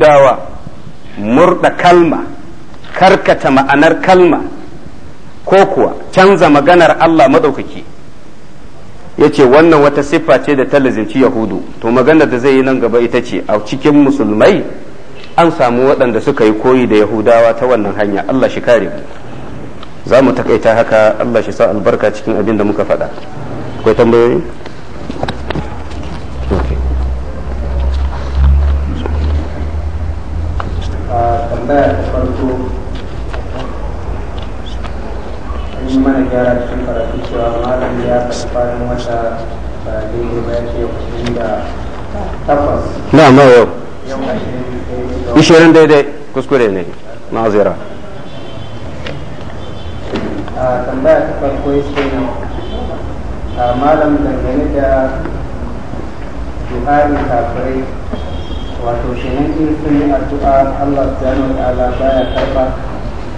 dawa murda kalma karkata ma'anar kalma ko kuwa canza maganar Allah maɗaukaki ya ce wannan wata siffa ce da ta lazimci yahudu to maganar da zai yi nan gaba ita ce a cikin musulmai an samu waɗanda suka yi koyi da yahudawa ta wannan hanya Allah shi kare mu za mu takaita haka Allah shi sa albarka cikin abin da muka faɗa akwai tambayoyi tambaya ta farko an yi mana gyara cikin karatu cewa malam ya karfarin wata ba daidai ba ya ce kusurin da takwas na ma yau ishirin daidai kuskure ne na a tambaya ta farko ya ce malam dangane da duhari kafirai wato shi ne in sun yi addu'a Allah subhanahu wa ta'ala baya karba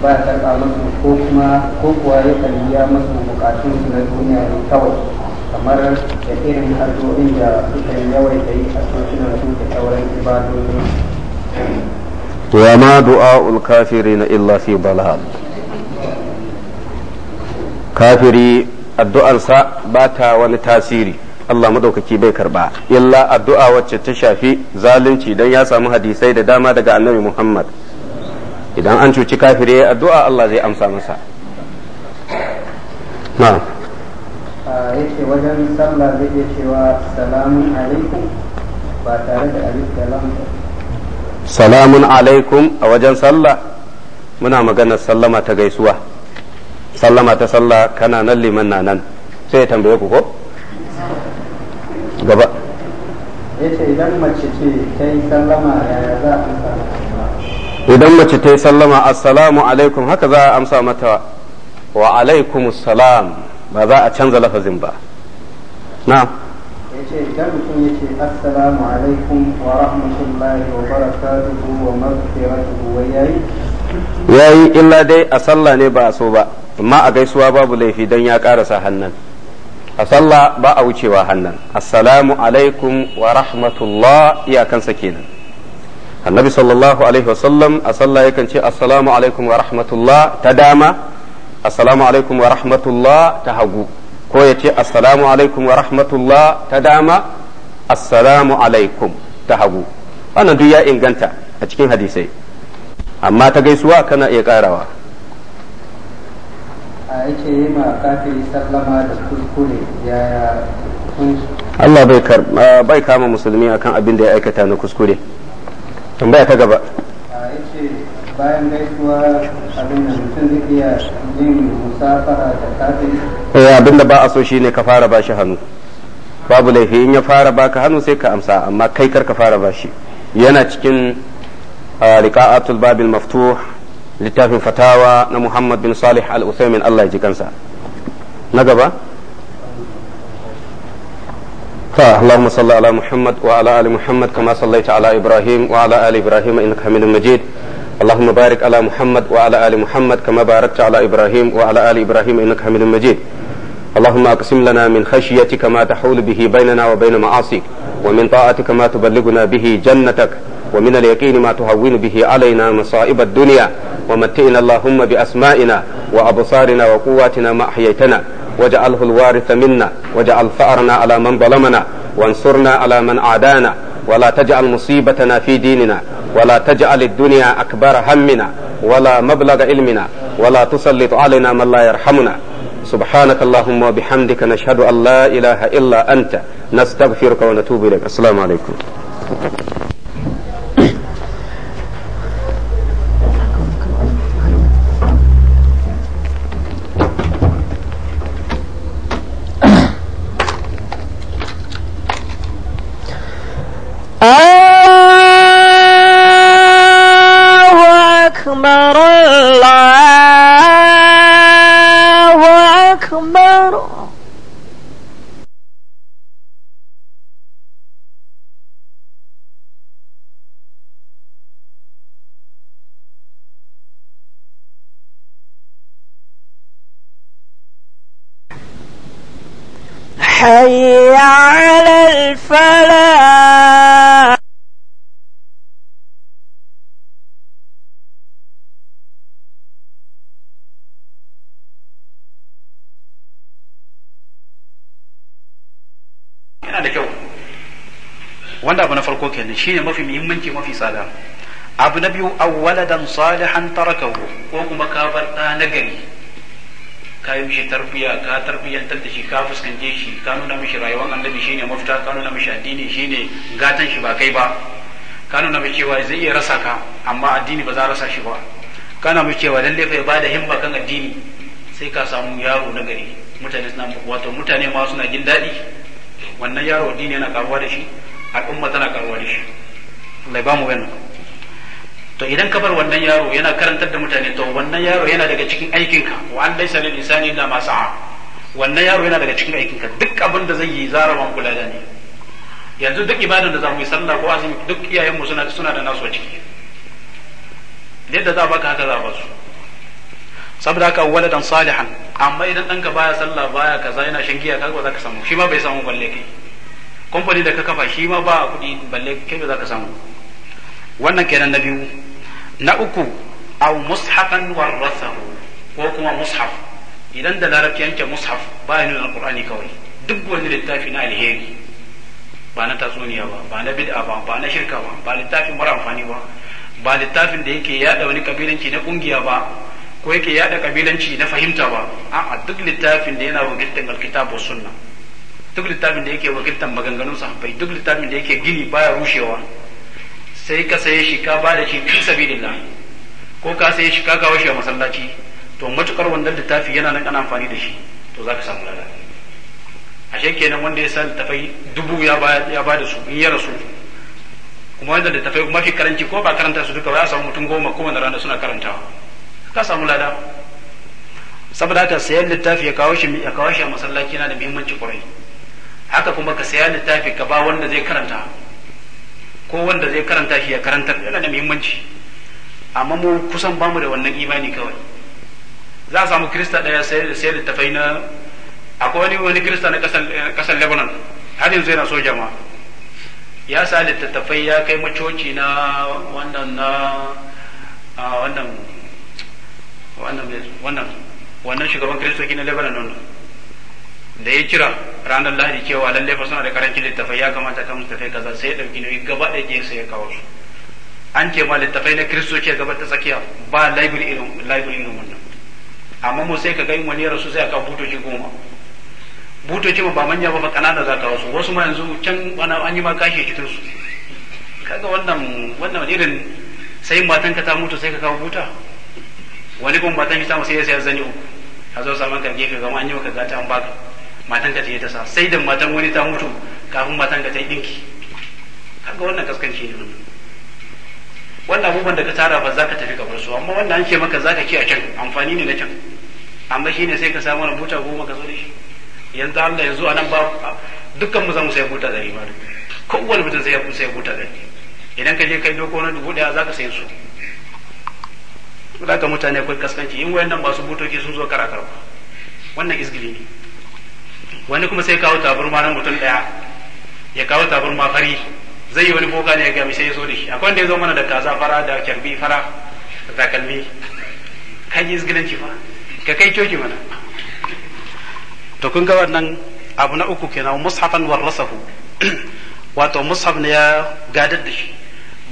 baya karba musu ko kuma ko kuwa ya kariya musu bukatun su na duniya ne kawai kamar da irin addu'o'in da suka yi yawai da yi a socinan su da sauran ibadodin وما دعاء الكافرين إلا في ضلال ba ta wani tasiri. Allah madaukaki bai karba illa addu'a wacce ta shafi zalunci dan ya samu hadisai da dama daga annabi Muhammad idan an cuci kafire addu'a Allah zai amsa masa na'am yake wajen sallah zai iya cewa salamun alaikum ba tare da alif da salamun alaikum a wajen sallah muna maganar sallama ta gaisuwa sallama ta sallah kana nan liman na nan sai ya tambaye ku ko gaba yace idan mace ce ta yi sallama yaya za a amsa idan mace ta yi sallama assalamu alaikum haka za a amsa mata wa alaikum salam ba za a canza lafazin ba na Ya ce idan mutum ya ce assalamu alaikum wa rahmatullahi wa barakatuhu wa maghfiratuhu wa Ya yi illa dai a ne ba a so ba amma a gaisuwa babu laifi don ya karasa hannun a sallah ba a wucewa hannan assalamu alaikum wa rahmatullah iyakansa kenan annabi sallallahu alaihi wasallam a sallah yakan ce assalamu alaikum wa rahmatullah ta dama assalamu alaikum wa rahmatullah ta hagu ko ya ce assalamu alaikum wa rahmatullah ta dama assalamu alaikum ta hagu wannan duk ya inganta a cikin hadisai amma ta gaisuwa kana iya karawa ake yi ma kafiri sallama da kuskure yaya Allah ah, bai kama musulmi akan abin da ya aikata na kuskure tambaya ta gaba ah, yace bayan gaisuwa abin da mutum zai iya yin musafara da kafiri eh abin da ba a so shine ka fara bashi hannu babu laifi in ya fara baka hannu sai ka amsa amma kai kar ka fara bashi yana cikin ah, riqa'atul babil maftuh littafin fatawa na muhammad bin salih al-uthaymin allah ya ji kansa na gaba ta allahumma salli ala muhammad wa ala ali muhammad kama sallaita ala ibrahim wa ala ali ibrahim innaka hamidum majid اللهم بارك على محمد وعلى آل محمد كما باركت على إبراهيم وعلى آل إبراهيم إنك حميد مجيد اللهم أقسم لنا من خشيتك ما تحول به بيننا وبين معاصيك ومن طاعتك ما تبلغنا به جنتك ومن اليقين ما تهون به علينا مصائب الدنيا ومتئنا اللهم بأسمائنا وأبصارنا وقواتنا ما أحييتنا واجعله الوارث منا واجعل فأرنا على من ظلمنا وانصرنا على من عادانا ولا تجعل مصيبتنا في ديننا ولا تجعل الدنيا أكبر همنا ولا مبلغ علمنا ولا تسلط علينا من لا يرحمنا سبحانك اللهم وبحمدك نشهد أن لا إله إلا أنت نستغفرك ونتوب إليك السلام عليكم kenan shine mafi muhimmanci mafi tsada abu na biyu awwaladan salihan tarakahu ko kuma ka bar ɗa na gari ka yi mishi tarbiya ka tarbiyantar da shi ka fuskance shi ka nuna mishi rayuwar annabi shine mafita ka nuna mishi addini shine gatan shi ba kai ba ka nuna mishi cewa zai iya rasa ka amma addini ba za a rasa shi ba ka nuna mishi cewa lalle fa ba da himma kan addini sai ka samu yaro na gari mutane suna wato mutane ma suna jin daɗi wannan yaro addini yana karuwa da shi al'umma tana karuwa da shi Allah ba mu wannan to idan ka bar wannan yaro yana karantar da mutane to wannan yaro yana daga cikin aikinka wa an laysa lil insani illa ma sa'a wannan yaro yana daga cikin aikinka duk abin da zai yi zaraban kula da ne yanzu duk ibadan da za mu yi sallah ko azumi duk iyayenmu suna suna da nasu a ciki yadda za ba ka haka za ba su saboda haka waladan salihan amma idan ɗanka baya sallah baya kaza yana shan giya kaga ba za ka samu shi ma bai samu balle kai kamfani da ka kafa shi ma ba kuɗi balle kai za ka samu wannan kenan na biyu na uku aw mushafan warasahu ko kuma mushaf idan da larabci yanke mushaf ba nuna alqur'ani kawai duk wani littafi na alheri ba na tatsuniya ba ba na bid'a ba ba na shirka ba ba littafin mara amfani ba ba littafin da yake yada wani kabilanci na kungiya ba ko yake yada kabilanci na fahimta ba a'a duk littafin da yana wakiltar alkitab wa sunna duk littafin da yake wakiltar maganganun sahabbai duk littafin da yake gini baya rushewa sai ka saye shi ka ba da shi fi sabilillah ko ka saye shi ka kawo shi a masallaci to matukar wannan littafi yana nan ana amfani da shi to za ka samu lada ashe kenan wanda ya san tafai dubu ya ba ya ba da su in ya rasu kuma wanda tafai kuma fi karanci ko ba karanta su duka ba ya samu mutum goma kowane rana suna karantawa ka samu lada saboda haka sayan littafi ya kawo shi a masallaci yana da muhimmanci ƙwarai haka kuma ka saya littafi ka ba wanda zai karanta ko wanda zai karanta shi ya karantar yana da muhimmanci amma mu kusan bamu da wannan imani kawai za a samu krista daya sai littafai na akwai wani wani krista na kasar lebanon har yanzu yana soja ma ya sa littattafai ya kai macoci na wannan na wannan wannan wannan shugaban kristoki na lebanon da ya kira ranar lahadi cewa lalle fa suna da karancin littafai ya kamata ka musu tafai kaza sai ya dauki nauyi gaba da ke sai ya kawo su an ce ma littafai na kristo ce gaba ta tsakiya ba library irin library irin wannan amma mu sai ka ga wani ya rasu sai aka butoci goma butoci ma ba manya ba fa kanana za ka wasu wasu ma yanzu can an yi ma kashe cikin su kaga wannan wannan irin sai matan ka ta mutu sai ka kawo buta wani kuma matan ki ta sai ya sayar zani uku a zo saman ka gefe gama an yi maka gata an baka matan ka ta sa sai da matan wani ta mutu kafin matan ka ta yi dinki kaga wannan kaskanci ne wannan wannan abubuwan da ka tara ba za ka tafi kamar su amma wannan an ce maka za ka ci a can amfani ne na can amma shi ne sai ka samu buta goma ka zo da shi yanzu Allah yanzu a nan ba dukkan mu za mu sai buta ɗari ma kowane mutum sai ya sai buta ɗari idan ka je kai doko na dubu daya za ka sai su za ka mutane akwai kaskanci in wayannan masu butoki sun zo kara karba wannan izgili ne wani kuma sai kawo taburma na mutum daya ya kawo taburma fari zai yi wani boka ne ya gami sai ya so da shi akwai wanda ya zo mana da kaza fara da kyarbi fara da takalmi kan yi izgilanci fa ka kai coki mana to kun ga wannan abu na uku kenan mushafan warasahu wato mushaf ne ya gadar da shi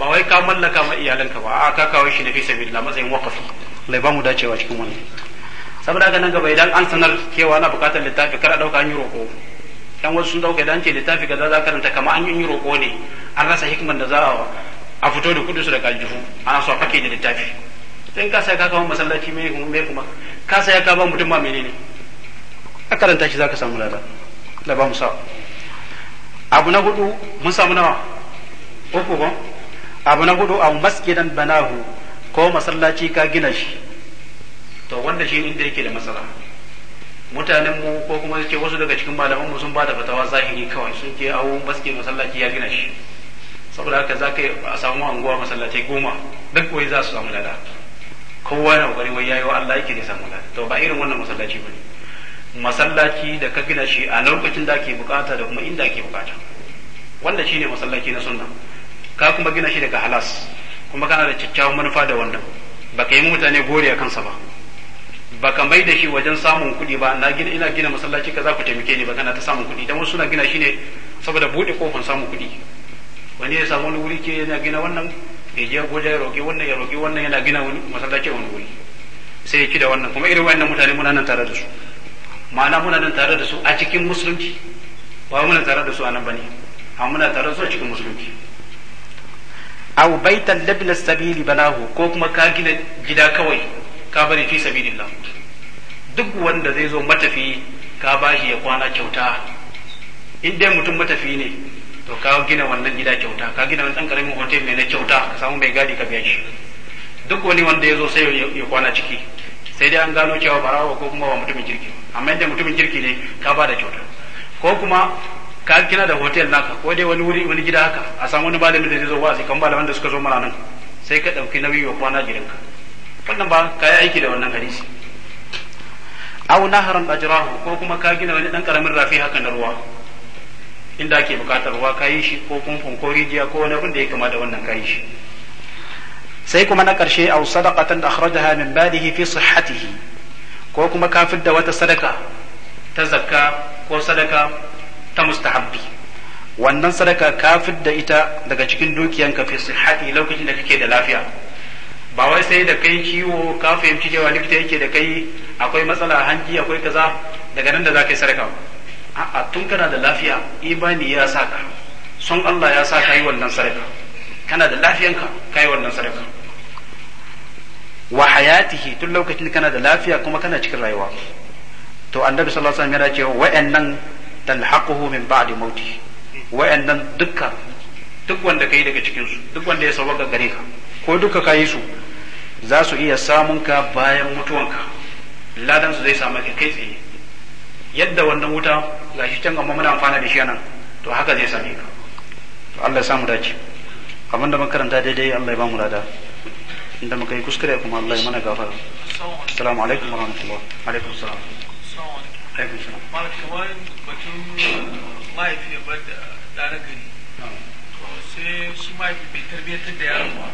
ba wai ka mallaka ma iyalanka ba a ka kawo shi na fi sabilillah matsayin waqafi lai ba mu dacewa cikin wannan saboda haka nan gaba idan an sanar cewa na bukatar littafi kar a dauka an yi roko dan wasu sun dauka idan ce littafi kaza za karanta kamar an yi roko ne an rasa hikman da za a fito da kudin su daga aljihu ana so a fake da littafi sai ka sai ka kawo masallaci me kuma me kuma ka sai ka ba mutum ma menene a karanta shi zaka samu lada da ba mu sa abu na hudu mun samu nawa uku ko abu na hudu a masjidan banahu ko masallaci ka gina shi to wanda shi inda yake da matsala mutanen mu ko kuma yake wasu daga cikin malaman mu sun ba da fatawa zahiri kawai sun ke awo baske masallaci ya gina shi saboda haka za ka a samu anguwa masallatai goma duk wai za su samu lada kowa na kokari wai yayi wa Allah yake ne samu lada to ba irin wannan masallaci bane masallaci da ka gina shi a lokacin da ake bukata da kuma inda ake bukata wanda shine masallaci na sunna ka kuma gina shi daga halas kuma kana da kyakkyawan manufa da wannan baka yi mutane gori a kansa ba baka mai da shi wajen samun kuɗi ba na gina ina gina masallaci kaza ku taimake ni ba kana ta samun kuɗi dan suna gina shi ne saboda bude kofar samun kuɗi wani ya samu wani wuri ke yana gina wannan ya je goje ya roƙi wannan ya roƙi wannan yana gina wani masallaci wani wuri sai ya ci da wannan kuma irin wayannan mutane muna nan tare da su ma'ana muna nan tare da su a cikin musulunci ba muna tare da su a nan bane amma muna tare da su a cikin musulunci aw baitan labna sabili banahu ko kuma ka gina gida kawai ka bari fi sabilillah duk wanda zai zo matafi ka bashi ya kwana kyauta in dai mutum matafi ne to ka gina wannan gida kyauta ka gina wani dan karamin hotel mai na kyauta ka samu mai gadi ka biya shi duk wani wanda ya zo sai ya kwana ciki sai dai an gano cewa rawa ko kuma ba mutumin kirki amma inda mutumin kirki ne ka ba da kyauta ko kuma ka gina da hotel naka ko dai wani wuri wani gida haka a samu wani malamin da zai zo wa'azi kan malaman da suka zo mana nan sai ka dauki nauyi wa kwana gidanka wannan ba ka yi aiki da wannan hadisi aw naharan ajrahu ko kuma ka gina wani dan karamin rafi haka na ruwa inda ake bukatar ruwa ka yi shi ko kumfun ko rijiya ko wani abin ya kama da wannan ka shi sai kuma na karshe aw sadaqatan akhrajaha min balihi fi sihhatihi ko kuma ka fidda wata sadaka ta zakka ko sadaka ta mustahabbi wannan sadaka ka fidda ita daga cikin dukiyanka fi sihhati lokacin da kake da lafiya ba wai sai da kai ciwo ka fahimci cewa likita yake da kai akwai matsala hanji akwai kaza daga nan da za ka yi sarka a'a tun kana da lafiya imani ya sa ka son Allah ya sa ka yi wannan sarka kana da lafiyanka ka yi wannan sarka wa hayatihi tun lokacin kana da lafiya kuma kana cikin rayuwa to annabi sallallahu alaihi wasallam yana cewa wa'annan talhaquhu min ba'di mauti wa'annan dukkan duk wanda kai daga cikin su duk wanda ya sauka gare ka ko duka ka yi su za su iya samun ka bayan mutuwanka ladan su zai samu kai tsaye yadda wannan wuta ga shi can amma muna amfana da shi nan to haka zai same ka to Allah ya samu dace abin da makaranta daidai Allah ya ba mu lada inda muka yi kuskure kuma Allah ya mana gafara assalamu alaikum wa rahmatullahi alaikum assalam alaikum salam malik kamar batun mahaifi ya bar da ɗan gari su sai shi mahaifi bai tarbiyyatar da yaro ba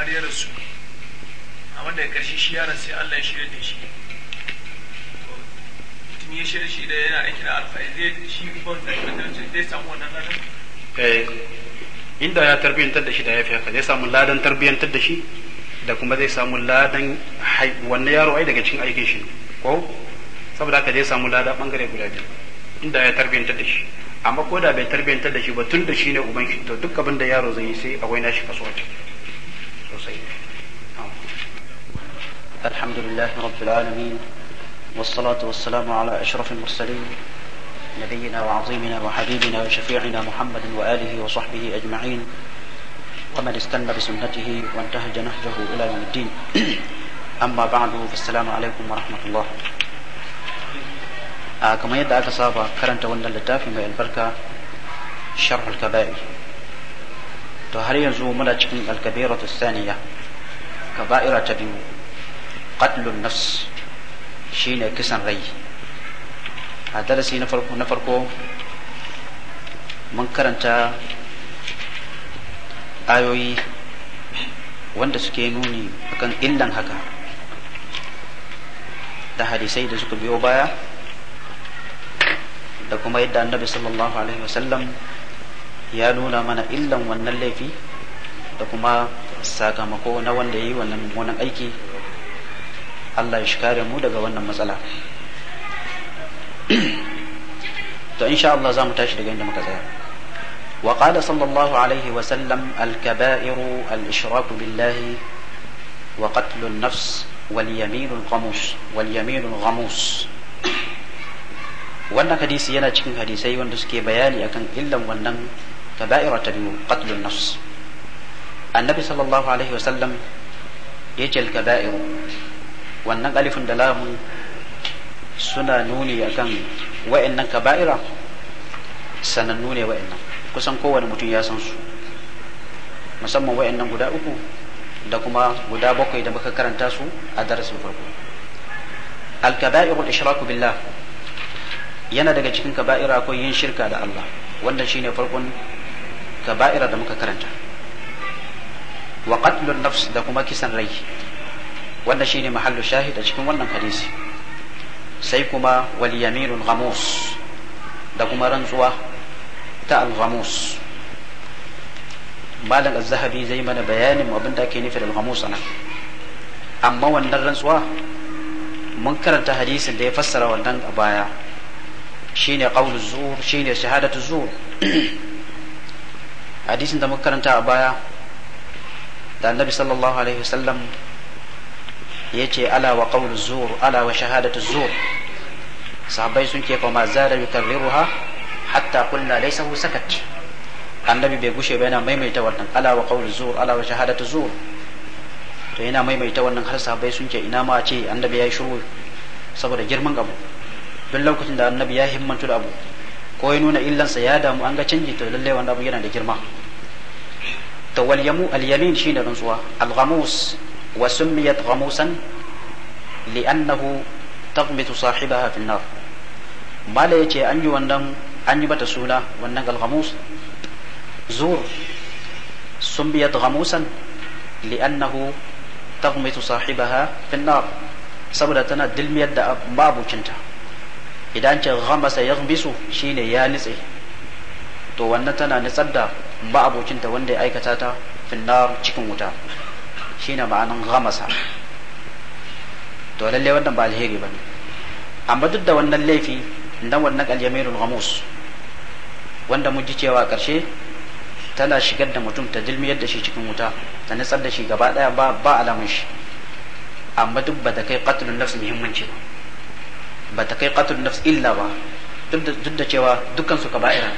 har ya rasu amma daga karshe shi yaron sai Allah ya shirya da shi mutum ya shirya shi da yana aiki da alfa zai shi ban da zai samu wannan ladan eh inda ya tarbiyyantar da shi da ya fi haka zai samu ladan tarbiyyantar da shi da kuma zai samu ladan wannan yaro ai daga cikin aikin shi ko saboda haka zai samu ladan bangare guda biyu inda ya tarbiyyantar da shi amma ko da bai tarbiyyantar da shi ba tun da shi ne uban shi to duk abin da yaro zai yi sai akwai nashi kaso a ciki سيد الحمد لله رب العالمين والصلاة والسلام على أشرف المرسلين نبينا وعظيمنا وحبيبنا وشفيعنا محمد وآله وصحبه أجمعين ومن استنى بسنته وانتهج نهجه إلى يوم الدين أما بعد فالسلام عليكم ورحمة الله آه، كما يدعى كصابة كرنت ون اللتافي من البركة شرح الكبائر to har yanzu muna cikin alkabiratu saniya kaba'ira ta biyu qatlun nafs shine kisan rai a darasi na farko na farko mun karanta ayoyi wanda suke nuni akan illan haka da hadisai da suka biyo baya da kuma yadda annabi sallallahu alaihi wasallam ya nuna mana illan wannan laifi da kuma sakamako na wanda ya yi wannan wannan aiki Allah ya shi kare mu daga wannan matsala to insha Allah za mu tashi daga inda muka tsaya wa qala sallallahu alaihi wa sallam al kaba'iru al ishraku billahi wa qatlu an nafs wal yamin al ghamus wal yamin al ghamus wannan hadisi yana cikin hadisai wanda suke bayani akan illan wannan kaba'ira ta biyu qatlun nafs annabi sallallahu alaihi wasallam ya ce wannan alifin da lamu suna nuni akan wa'annan kaba'ira sanannu ne wa'annan kusan kowane mutum ya san su musamman wa'annan guda uku da kuma guda bakwai da muka karanta su a darasin farko al-kaba'irul ishraku billah yana daga cikin kaba'ira akwai yin shirka da Allah wanda shine farkon kaba'ira da muka karanta wa qatlun nafs da kuma kisan rai wanda shine mahallu shahid a cikin wannan hadisi sai kuma wal yaminul ghamus da kuma rantsuwa ta al ghamus malam az-zahabi zai mana bayanin abin da ake nufi da al ghamus anan amma wannan rantsuwa mun karanta hadisin da ya fassara wannan a baya shine qaulu zuhur shine shahadatu zuhur hadisin da muka karanta a baya da annabi sallallahu alaihi wasallam ya ce ala wa qawl zur ala wa shahadatu zur sahabbai sun ce kuma zara yukarriruha hatta qulna laysa hu sakat annabi bai gushe ba yana maimaita wannan ala wa qawl zur ala wa shahadatu zur to yana maimaita wannan har sahabbai sun ce ina ma ce annabi ya yi shiru saboda girman abu duk lokacin da annabi ya himmantu da abu ko ya nuna illansa ya damu an ga canji to lallai wannan abu yana da girma to wal yamu al yamin shine rantsuwa al ghamus wa summiyat ghamusan li'annahu taghmitu sahibaha fi nar mala yace an yi wannan an yi mata suna wannan al ghamus zur summiyat ghamusan li'annahu taghmitu sahibaha fi nar saboda tana dilmiyar da babucinta idan ce ghamasa bisu shine ya nitse to wannan tana nitsar da abokinta wanda ya aikata ta finnar cikin wuta shine ma'anin ghamasa to lalle wannan ba alheri ba amma duk da wannan laifi na wannan alyamirul ghamus wanda mun ji cewa karshe tana shigar da mutum ta dilmiyar da shi cikin wuta ta nitsar da shi gaba daya ba alamun shi amma duk ba ta kai qatlun nafs muhimmanci ba ba ta kai qatlun nafs illa ba duk da cewa dukkan su kaba'ira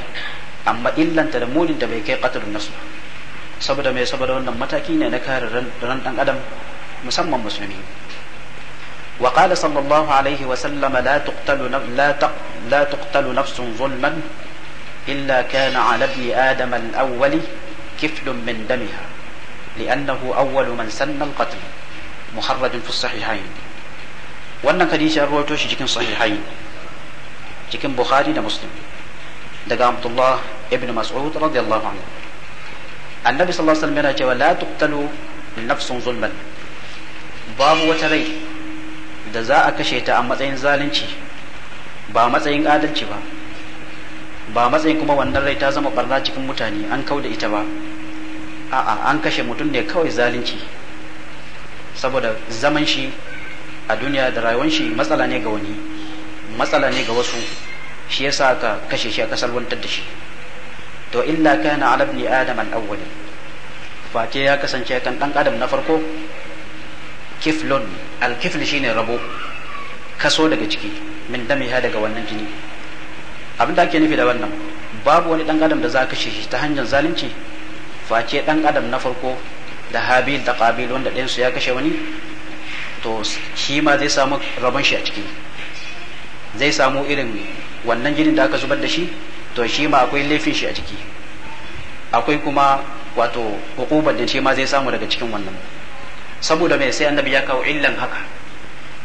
amma illan ta da munin da bai kai qatlun nafs ba saboda mai saboda wannan mataki ne na kare ran dan adam musamman musulmi wa qala وقال صلى الله عليه la tuqtalu تقتل لا لا تقتل نفس ظلما إلا كان على ابن آدم الأول كفل من دمها لأنه أول من سن القتل مخرج في الصحيحين wannan hadisi an rawaito shi cikin sahihai cikin bukhari da muslim daga abdullah ibn mas'ud radiyallahu anhu annabi sallallahu alaihi wasallam yana cewa la tuqtalu nafsun zulman babu wata rai da za a kashe ta a matsayin zalunci ba matsayin adalci ba ba matsayin kuma wannan rai ta zama barna cikin mutane an kau da ita ba a'a an kashe mutum ne kawai zalunci saboda zaman shi a duniya da rayuwar shi matsala ne ga wani matsala ne ga wasu shi yasa ka kashe shi aka salwantar da shi to illa kana ala ibn adam al awwal fake ya kasance kan dan adam na farko kiflun al kifl shine rabo kaso daga ciki min dami ha daga wannan jini abin da ake nufi da wannan babu wani dan adam da za kashe shi ta hanyar zalunci face dan adam na farko da habil da qabil wanda ɗayansu ya kashe wani to shi ma zai samu rabon shi a ciki zai samu irin wannan jinin da aka zubar da shi to shi ma akwai laifin shi a ciki akwai kuma wato hukubar da shi ma zai samu daga cikin wannan saboda mai sai annabi ya kawo illan haka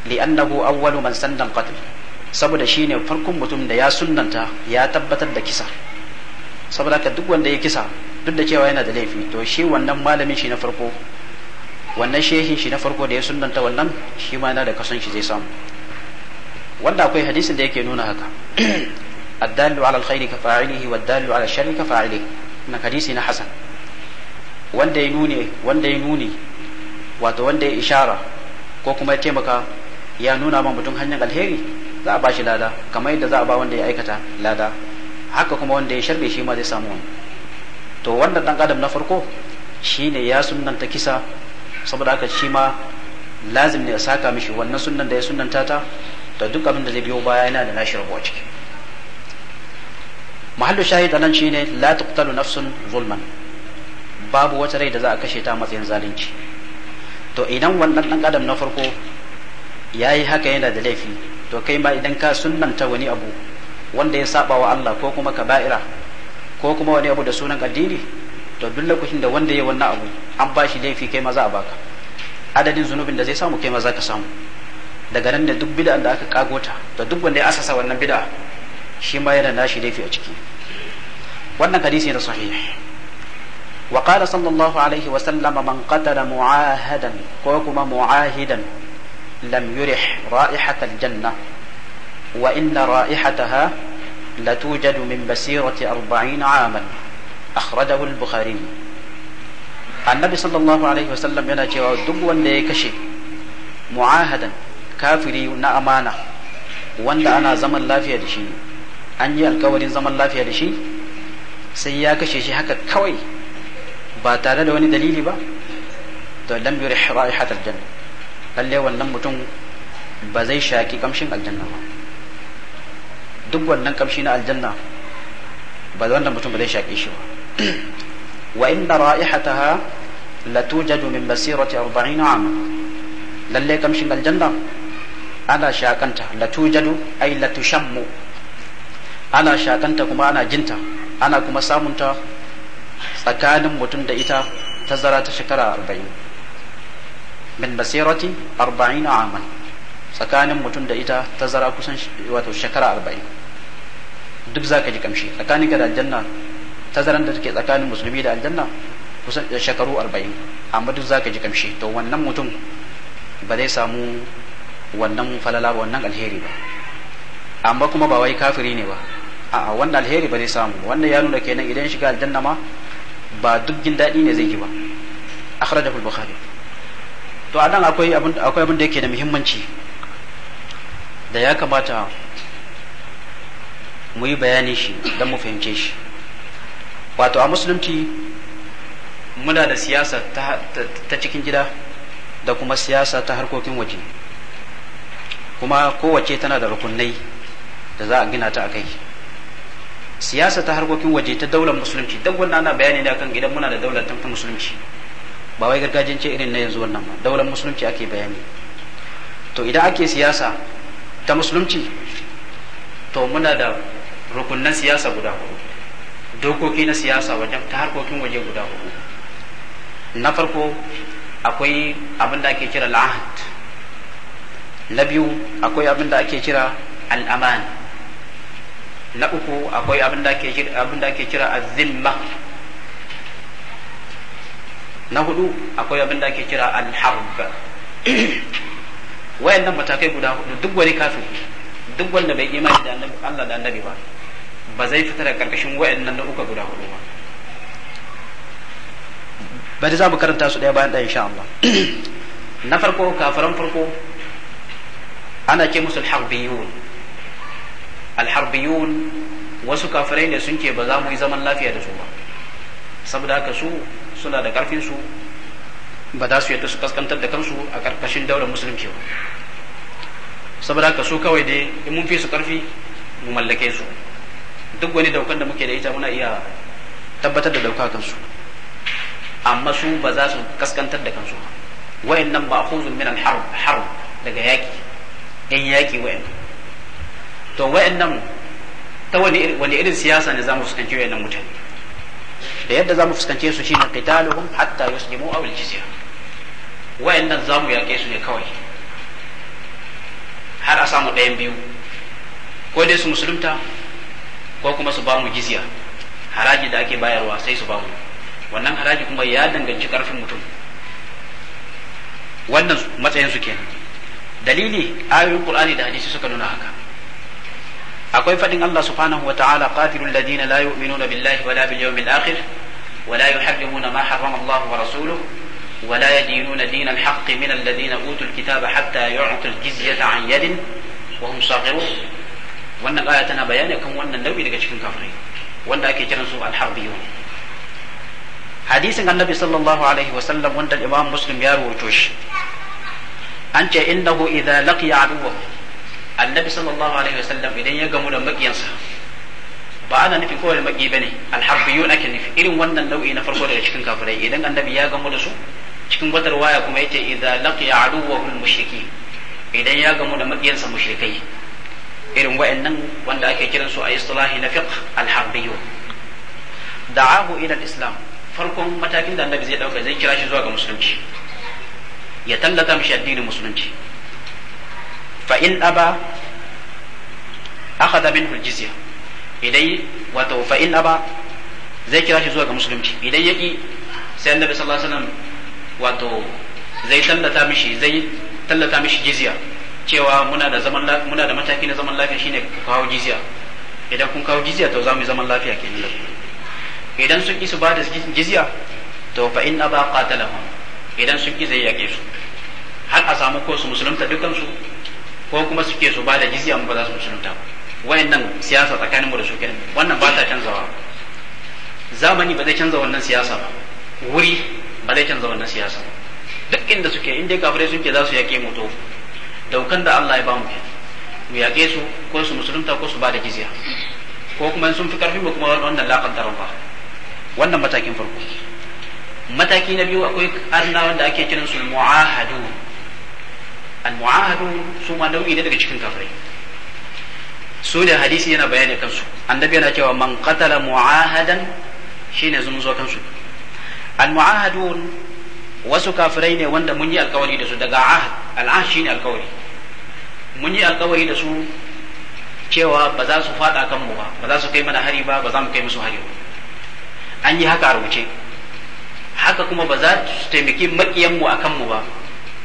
li'annahu awwalu man sandan qatl saboda shine farkon mutum da ya sunnanta ya tabbatar da kisa saboda ka duk wanda ya kisa duk da cewa yana da laifi to shi wannan malamin shi na farko wannan shehin shi na farko da ya sunanta wannan shi ma yana da kason shi zai samu wanda akwai hadisin da yake nuna haka addallu ala alkhairi ka fa'ilihi wa addallu ala sharri ka fa'ilihi na hadisi na hasan wanda ya nune wanda ya nuni wato wanda ya ishara ko kuma ya taimaka ya nuna man mutum hanyar alheri za a ba shi lada kamar yadda za a ba wanda ya aikata lada haka kuma wanda ya sharbe shi ma zai samu wani to wanda dan adam na farko shine ya sunanta kisa saboda haka shi ma lazim ne ya saka mishi wannan sunan da ya sunanta ta da duk abin da zai biyo baya yana da nashi rabuwa ciki mahallu shahid anan ne la tuqtalu nafsun zulman babu wata rai da za a kashe ta matsayin zalunci to idan wannan dan adam na farko ya yi haka yana da laifi to kai ma idan ka sunnanta wani abu wanda ya saba wa Allah ko kuma kaba'ira ko kuma wani abu da sunan addini to duk lokacin da wanda ya wannan abu an ba shi laifi kai ma za a baka adadin zunubin da zai samu kai ma za ka samu daga nan da duk bid'an da aka kagota to duk wanda ya asasa wannan bid'a shi ma yana nashi laifi a ciki wannan hadisi ne sahihi wa qala sallallahu alaihi wa sallam man qatala mu'ahadan ko kuma mu'ahidan lam yurih ra'ihata al-janna wa inna ra'ihataha la tujadu min basirati 40 aman akhrajahu al-bukhari annabi sallallahu alaihi wasallam yana cewa duk wanda ya kashe mu'ahadan kafiri na amana wanda ana zaman lafiya da shi an yi alkawarin zaman lafiya da shi sai ya kashe shi haka kawai ba tare da wani dalili ba to lam yuri raihat aljanna lalle wannan mutum ba zai shaki kamshin aljanna ba duk wannan kamshi aljanna ba mutum ba zai shaƙe shi ba وإن رائحتها لا توجد من مسيرة أربعين عاما للي كم شنغ الجنة أنا شاكنت لا توجد أي لا تشم أنا شاكنت كما أنا جنت أنا كما سامنت سكان متند إتا تزرات شكرا أربعين من مسيرة أربعين عاما سكان متند إتا ita tazara kusan wato shekara arba'in duk za ka ji tazaran da take tsakanin musulmi da aljanna kusan shekaru 40 amma duk zaka ji kamshi to wannan mutum ba zai samu wannan falala ba wannan alheri ba amma kuma ba wai kafiri ne ba a'a wannan alheri ba zai samu wannan ya nuna kenan idan shiga aljanna ma ba duk jin daɗi ne zai yi ba akhrajahu al-bukhari to nan akwai abin akwai abin da yake da muhimmanci da ya kamata mu yi bayani shi don mu fahimce shi wato a musulunci muna da siyasa ta cikin gida da kuma siyasa ta harkokin waje kuma kowace tana da rukunai da za a gina ta a kai siyasa ta harkokin waje ta daular musulunci duk wanda ana bayani ne akan gidan muna da daular ta musulunci ba wai gargajiyance irin na yanzu wannan ba daular musulunci ake bayani to idan ake siyasa ta musulunci to muna da rukunan siyasa guda hudu dokoki na siyasa wajen ta harkokin waje guda hudu na farko akwai abin da ake kira la'ahad na biyu akwai abin da ake kira al'aman na uku akwai abin da ake kira abin da ake kira azimma na hudu akwai abin da ake kira al-harb wayannan matakai guda hudu duk wani kafin duk wanda bai imani da Allah da annabi ba ba zai fita daga karkashin wa'annan uka guda hudu ba bari za mu karanta su ɗaya bayan ɗaya insha Allah na farko kafiran farko ana ce musu alharbiyun alharbiyun wasu kafirai ne sun ce ba za mu yi zaman lafiya da su ba saboda haka su suna da karfin su ba za su yadda su kaskantar da kansu a karkashin daular musulunci ba saboda haka su kawai dai in mun fi su karfi mu mallake su duk wani daukan da muke da ita muna iya tabbatar da dauka kansu amma su ba za su kaskantar da kansu wayan nan ba min al-harb harb daga yaki yan yaki wayan to wayan nan ta wani wani irin siyasa ne zamu fuskanci wayan nan mutane da yadda zamu fuskance su shine qitaluhum hatta yuslimu aw al-jizya wayan nan zamu yake su ne kawai har a samu ɗayan biyu ko dai su musulunta ko kuma su ba mu jizya haraji da ake bayarwa sai su ba mu wannan haraji kuma ya danganci karfin mutum wannan matsayin su kenan dalili ayoyin qur'ani da hadisi suka nuna haka akwai fadin Allah subhanahu wa ta'ala qatilul ladina la yu'minuna billahi wala bil yawmil akhir ولا يحرمون ما حرم الله ورسوله ولا يدينون دين الحق من الذين أوتوا الكتاب حتى يعطوا الجزية عن يد وهم صاغرون wannan aya tana bayani kan wannan nau'i daga cikin kafirai wanda ake kiran su alharbiyun hadisin annabi sallallahu alaihi wa sallam wanda imam muslim ya rawaito shi an ce innahu idza laqiya aduwa annabi sallallahu alaihi wa sallam idan ya gamu da makiyansa ba ana nufi kowane maki bane alharbiyun ake nufi irin wannan nau'i na farko daga cikin kafirai idan annabi ya gamu da su cikin wata waya kuma yace idza laqiya aduwa al idan ya gamu da makiyansa mushrikai irin wa'annan wanda ake kiran su a istilahi na fiqh al-harbiyyu da'ahu ila al-islam farkon matakin da annabi zai dauka zai kira shi zuwa ga musulunci ya tallata mishi addinin musulunci fa in aba akhadha minhu al-jizya idan wato fa in aba zai kira shi zuwa ga musulunci idan yaki sai annabi sallallahu alaihi wasallam wato zai tallata mishi zai tallata mishi jizya cewa muna da zaman muna da mataki na zaman lafiya shine ku kawo jizya idan kun kawo jizya to za mu zaman lafiya kenan idan sun ki su ba da jizya to fa inna ba qatalahum idan sun ki zai yake su har a samu ko su musulunta su ko kuma suke su ba da jizya mu ba za su musulunta wayannan siyasa tsakaninmu da su kenan wannan ba ta canzawa zamani ba zai canza wannan siyasa ba wuri ba zai canza wannan siyasa duk inda suke inda kafirai suke za su yake mu to daukan da Allah ya ba mu mu yaƙe su ko su musulunta ko su ba da jizya ko kuma sun fi karfin mu kuma wannan laƙan taron ba wannan matakin farko mataki na biyu akwai arna wanda ake kiran su mu'ahadu al mu'ahadu su ma nau'i ne daga cikin kafirai su da hadisi yana bayani kansu annabi yana cewa man qatala mu'ahadan shine zumzo kansu al mu'ahadun wasu kafirai ne wanda mun yi alkawari da su daga ahad al'ahd shine alkawari mun yi alkawari da su cewa ba za su fada kan mu ba ba za su kai mana hari ba ba za mu kai musu hari ba an yi haka a rubuce haka kuma ba za su taimaki makiyan mu akan mu ba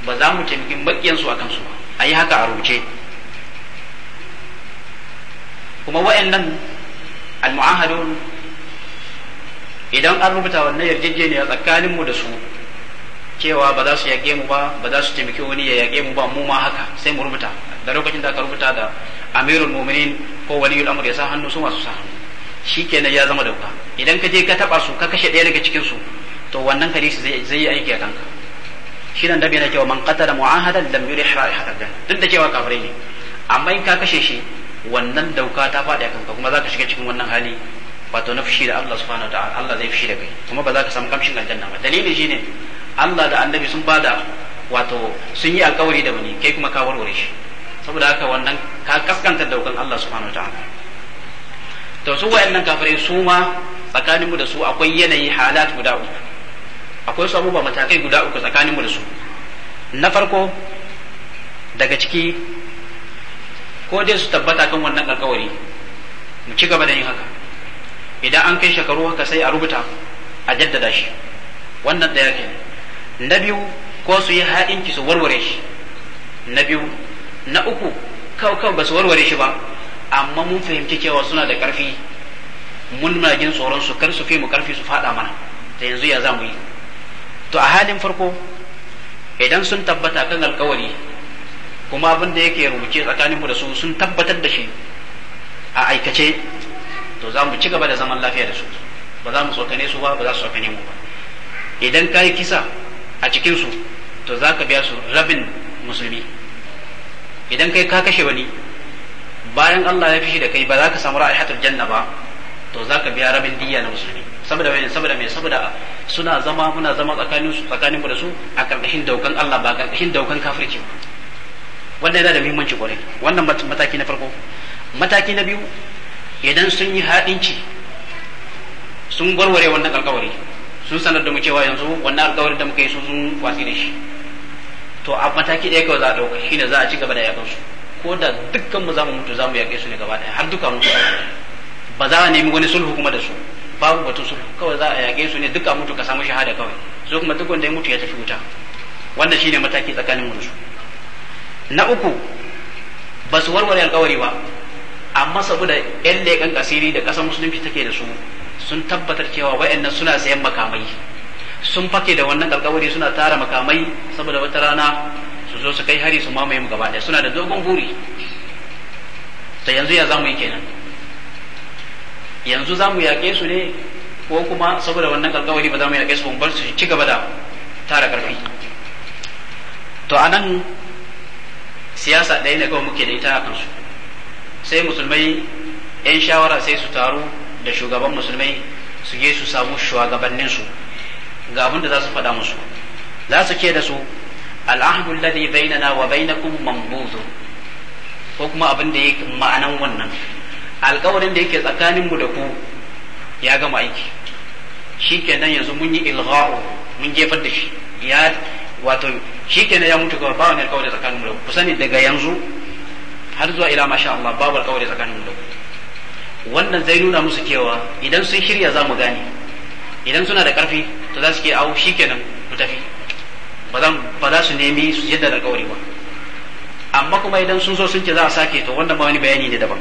ba za mu taimaki makiyan su akan su ba an yi haka a rubuce kuma wa'annan al-mu'ahadun idan an rubuta wannan yarjejeniya tsakaninmu da su cewa ba za su yaƙe mu ba ba za su taimaki wani ya yaƙe mu ba mu ma haka sai mu rubuta da lokacin da aka rubuta da amirul mu'minin ko waliyul amr ya sa hannu su masu sa hannu shikenan ya zama dauka idan ka je ka taba su ka kashe ɗaya daga cikin su to wannan hadisi zai zai yi aiki a kanka shi nan dabi na cewa man qatala mu'ahadan lam yurih ra'ihatal janna duk da cewa kafirai ne amma in ka kashe shi wannan dauka ta faɗi a kanka kuma za ka shiga cikin wannan hali wato na fushi da Allah subhanahu wa ta'ala Allah zai fushi da kai kuma ba za ka samu kamshin aljanna ba dalilin shine Allah da annabi sun bada wato sun yi alkawari da wani kai kuma ka warware shi saboda haka wannan ka kaskanta daukan Allah subhanahu wataala to su wayannan kafirai su ma tsakanin mu da su akwai yanayi halat guda uku akwai su abubuwa matakai guda uku tsakanin mu da su na farko daga ciki ko dai su tabbata kan wannan alkawari mu ci gaba da yin haka idan an kai shekaru haka sai a rubuta a jaddada shi wannan ɗaya kenan na biyu ko su yi ha'inci su warware shi na biyu na uku kawai kawai ba su warware shi ba amma mun fahimci cewa suna da ƙarfi mun muna jin tsoron su kar su fi mu ƙarfi su faɗa mana da yanzu ya za mu yi to a halin farko idan sun tabbata kan alkawari kuma abin da yake rubuce tsakanin mu da su sun tabbatar da shi a aikace to za mu ci gaba da zaman lafiya da su ba za mu tsokane su ba ba za su tsokane mu ba idan ka yi kisa a cikinsu to za ka biya su rabin musulmi idan kai ka kashe wani bayan Allah ya fishi da kai ba za ka samu ra'ihatul janna ba to za ka biya rabin diya na musulmi saboda mai saboda mai saboda suna zama muna zama tsakanin su tsakanin mu da su a karkashin daukan Allah ba karkashin daukan kafirci ba wannan yana da muhimmanci kwarai wannan mataki na farko mataki na biyu idan sun yi haɗinci sun warware wannan alƙawari. sun sanar da mu cewa yanzu wannan alƙawarin da muka yi sun watsi da shi to a mataki ɗaya kawai za a ɗauka shine za a ci gaba da yakan su ko da dukkan mu za mu mutu za mu yaƙe su ne gaba ɗaya har duka mu ba za a nemi wani sulhu kuma da su babu batun sulhu kawai za a yaƙe su ne duka mutu ka samu shahada kawai so kuma duk wanda ya mutu ya tafi wuta wannan shine mataki tsakanin mu da su na uku ba su warware alƙawari ba amma saboda yan leƙen asiri da ƙasar musulunci take da su sun tabbatar cewa wayannan suna sayan makamai sun fake da wannan alkawari suna tara makamai saboda wata rana su zo su kai hari su mamaye mu gaba ɗaya suna da dogon buri ta yanzu ya zamu yi kenan yanzu zamu yaƙe su ne ko kuma saboda wannan alkawari ba za mu yaƙe su bar su ci gaba da tara ƙarfi to anan siyasa ɗaya ne kawai muke da ita a kansu sai musulmai 'yan shawara sai su taru da shugaban musulmai su je su samu shugabannin su ga abin da za su faɗa musu za su ce da su al'ahdu ladhi bainana wa bainakum mambuzu ko kuma abin da yake ma'anan wannan alƙawarin da yake tsakanin mu da ku ya gama aiki shikenan yanzu mun yi ilgha'u mun jefar da shi ya wato shikenan ya mutu kawai ba wani alƙawari tsakanin mu da ku sani daga yanzu har zuwa ila masha Allah babu alƙawari tsakanin mu da ku wannan zai nuna musu cewa idan sun shirya za mu gane idan suna da karfi to za su ke au kenan ku tafi ba za su nemi su yadda da kawari ba amma kuma idan sun so sun ce za a sake to wannan ba wani bayani ne daban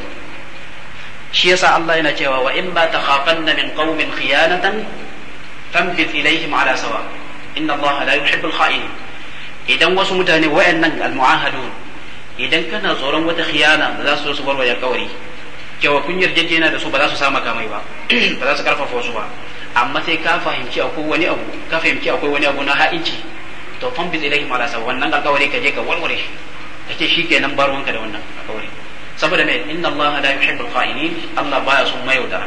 shi yasa Allah yana cewa wa in ba takhafanna min qaumin khiyanatan fanbit ilaihim ala sawa inna Allah la yuhibbul kha'in idan wasu mutane wayannan al-mu'ahadun idan kana tsoron wata khiyana za su so su bar wa cewa kun yarjejena da su ba za su sama kamai ba ba za su karfafa wasu ba amma sai ka fahimci akwai wani abu ka fahimci akwai wani abu na ha'inci to fan bi zai wannan alƙawari ka je ka shi da wannan alƙawari saboda inna la yuhibbul Allah baya son mayaudara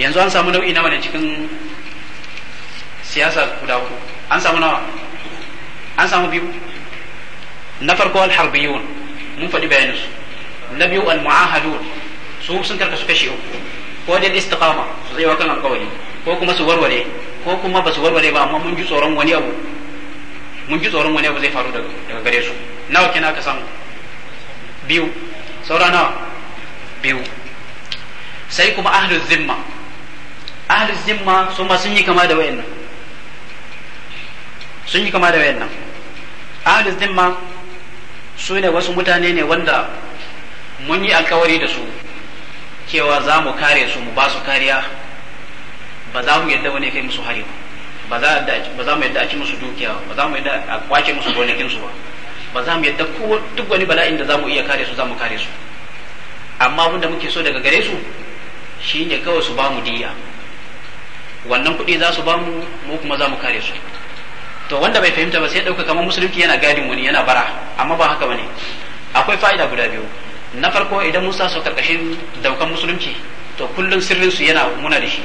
yanzu an samu nau'i nawa ne cikin siyasa guda uku an samu nawa an samu biyu na farko al-harbiyun mun faɗi bayanin su na biyu al-mu'ahadun su sun karka kashi uku ko dai istiqama su tsayawa kan alƙawari ko kuma su warware ko kuma ba su warware ba amma mun ji tsoron wani abu mun ji tsoron wani abu zai faru daga gare su nawa kina ka samu biyu saura nawa biyu sai kuma ahlul zimma ahlul zimma su ma sun yi kama da wayannan sun yi kama da wayannan ahlul zimma su ne wasu mutane ne wanda mun yi alkawari da su cewa za mu kare su mu ba su kariya ba za mu yadda wani kai musu hari ba ba za mu yadda a ci musu dukiya ba za mu yadda a kwace musu su ba ba za mu yadda ko duk wani bala'in da za mu iya kare su za mu kare su amma abin da muke so daga gare su shine kawai su ba mu diya wannan kuɗi za su ba mu mu kuma za mu kare su to wanda bai fahimta ba sai ɗauka kamar musulunci yana gadin wani yana bara amma ba haka ba ne akwai fa'ida guda biyu na farko idan musa su karkashin daukan musulunci to kullum sirrin su yana muna da shi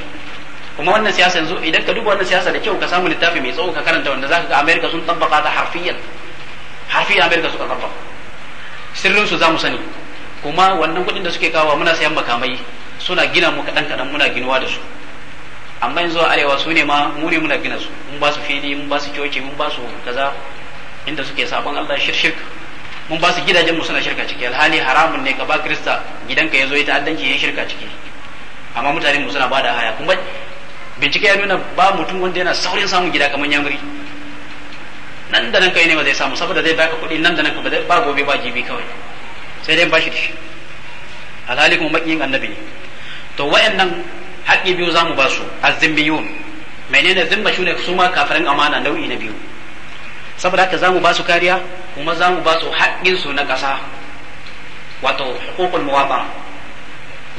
kuma wannan siyasa yanzu idan ka duba wannan siyasa da kyau ka samu littafi mai tsawo ka karanta wanda zaka ga America sun tabbata ta harfiyan harfiyan America suka tabbaka sirrin su mu sani kuma wannan kudin da suke kawo muna sayan makamai suna gina mu kaɗan kaɗan muna ginuwa da su amma yanzu a arewa su ne ma mu ne muna gina su mun ba su fili mun ba su coci mun ba su kaza inda suke sabon Allah shirshirka mun ba su gidajen mu suna shirka ciki alhali haramun ne ka ba krista gidanka ka ya ta'addanci yi shirka ciki amma mutane mu suna bada haya kuma bincike ya nuna ba mutum wanda yana saurin samun gida kamar yamuri nan da nan kai ne ba zai samu saboda zai baka kuɗi nan da nan ba gobe ba jibi kawai sai dai bashi da shi alhali kuma makiyin annabi ne to wayannan haƙƙi biyu zamu ba su azzimbiyun menene zimba ne su ma kafirin amana nau'i na biyu saboda haka zamu ba su kariya kuma zamu ba su haƙƙin su na ƙasa wato hukukul muwafa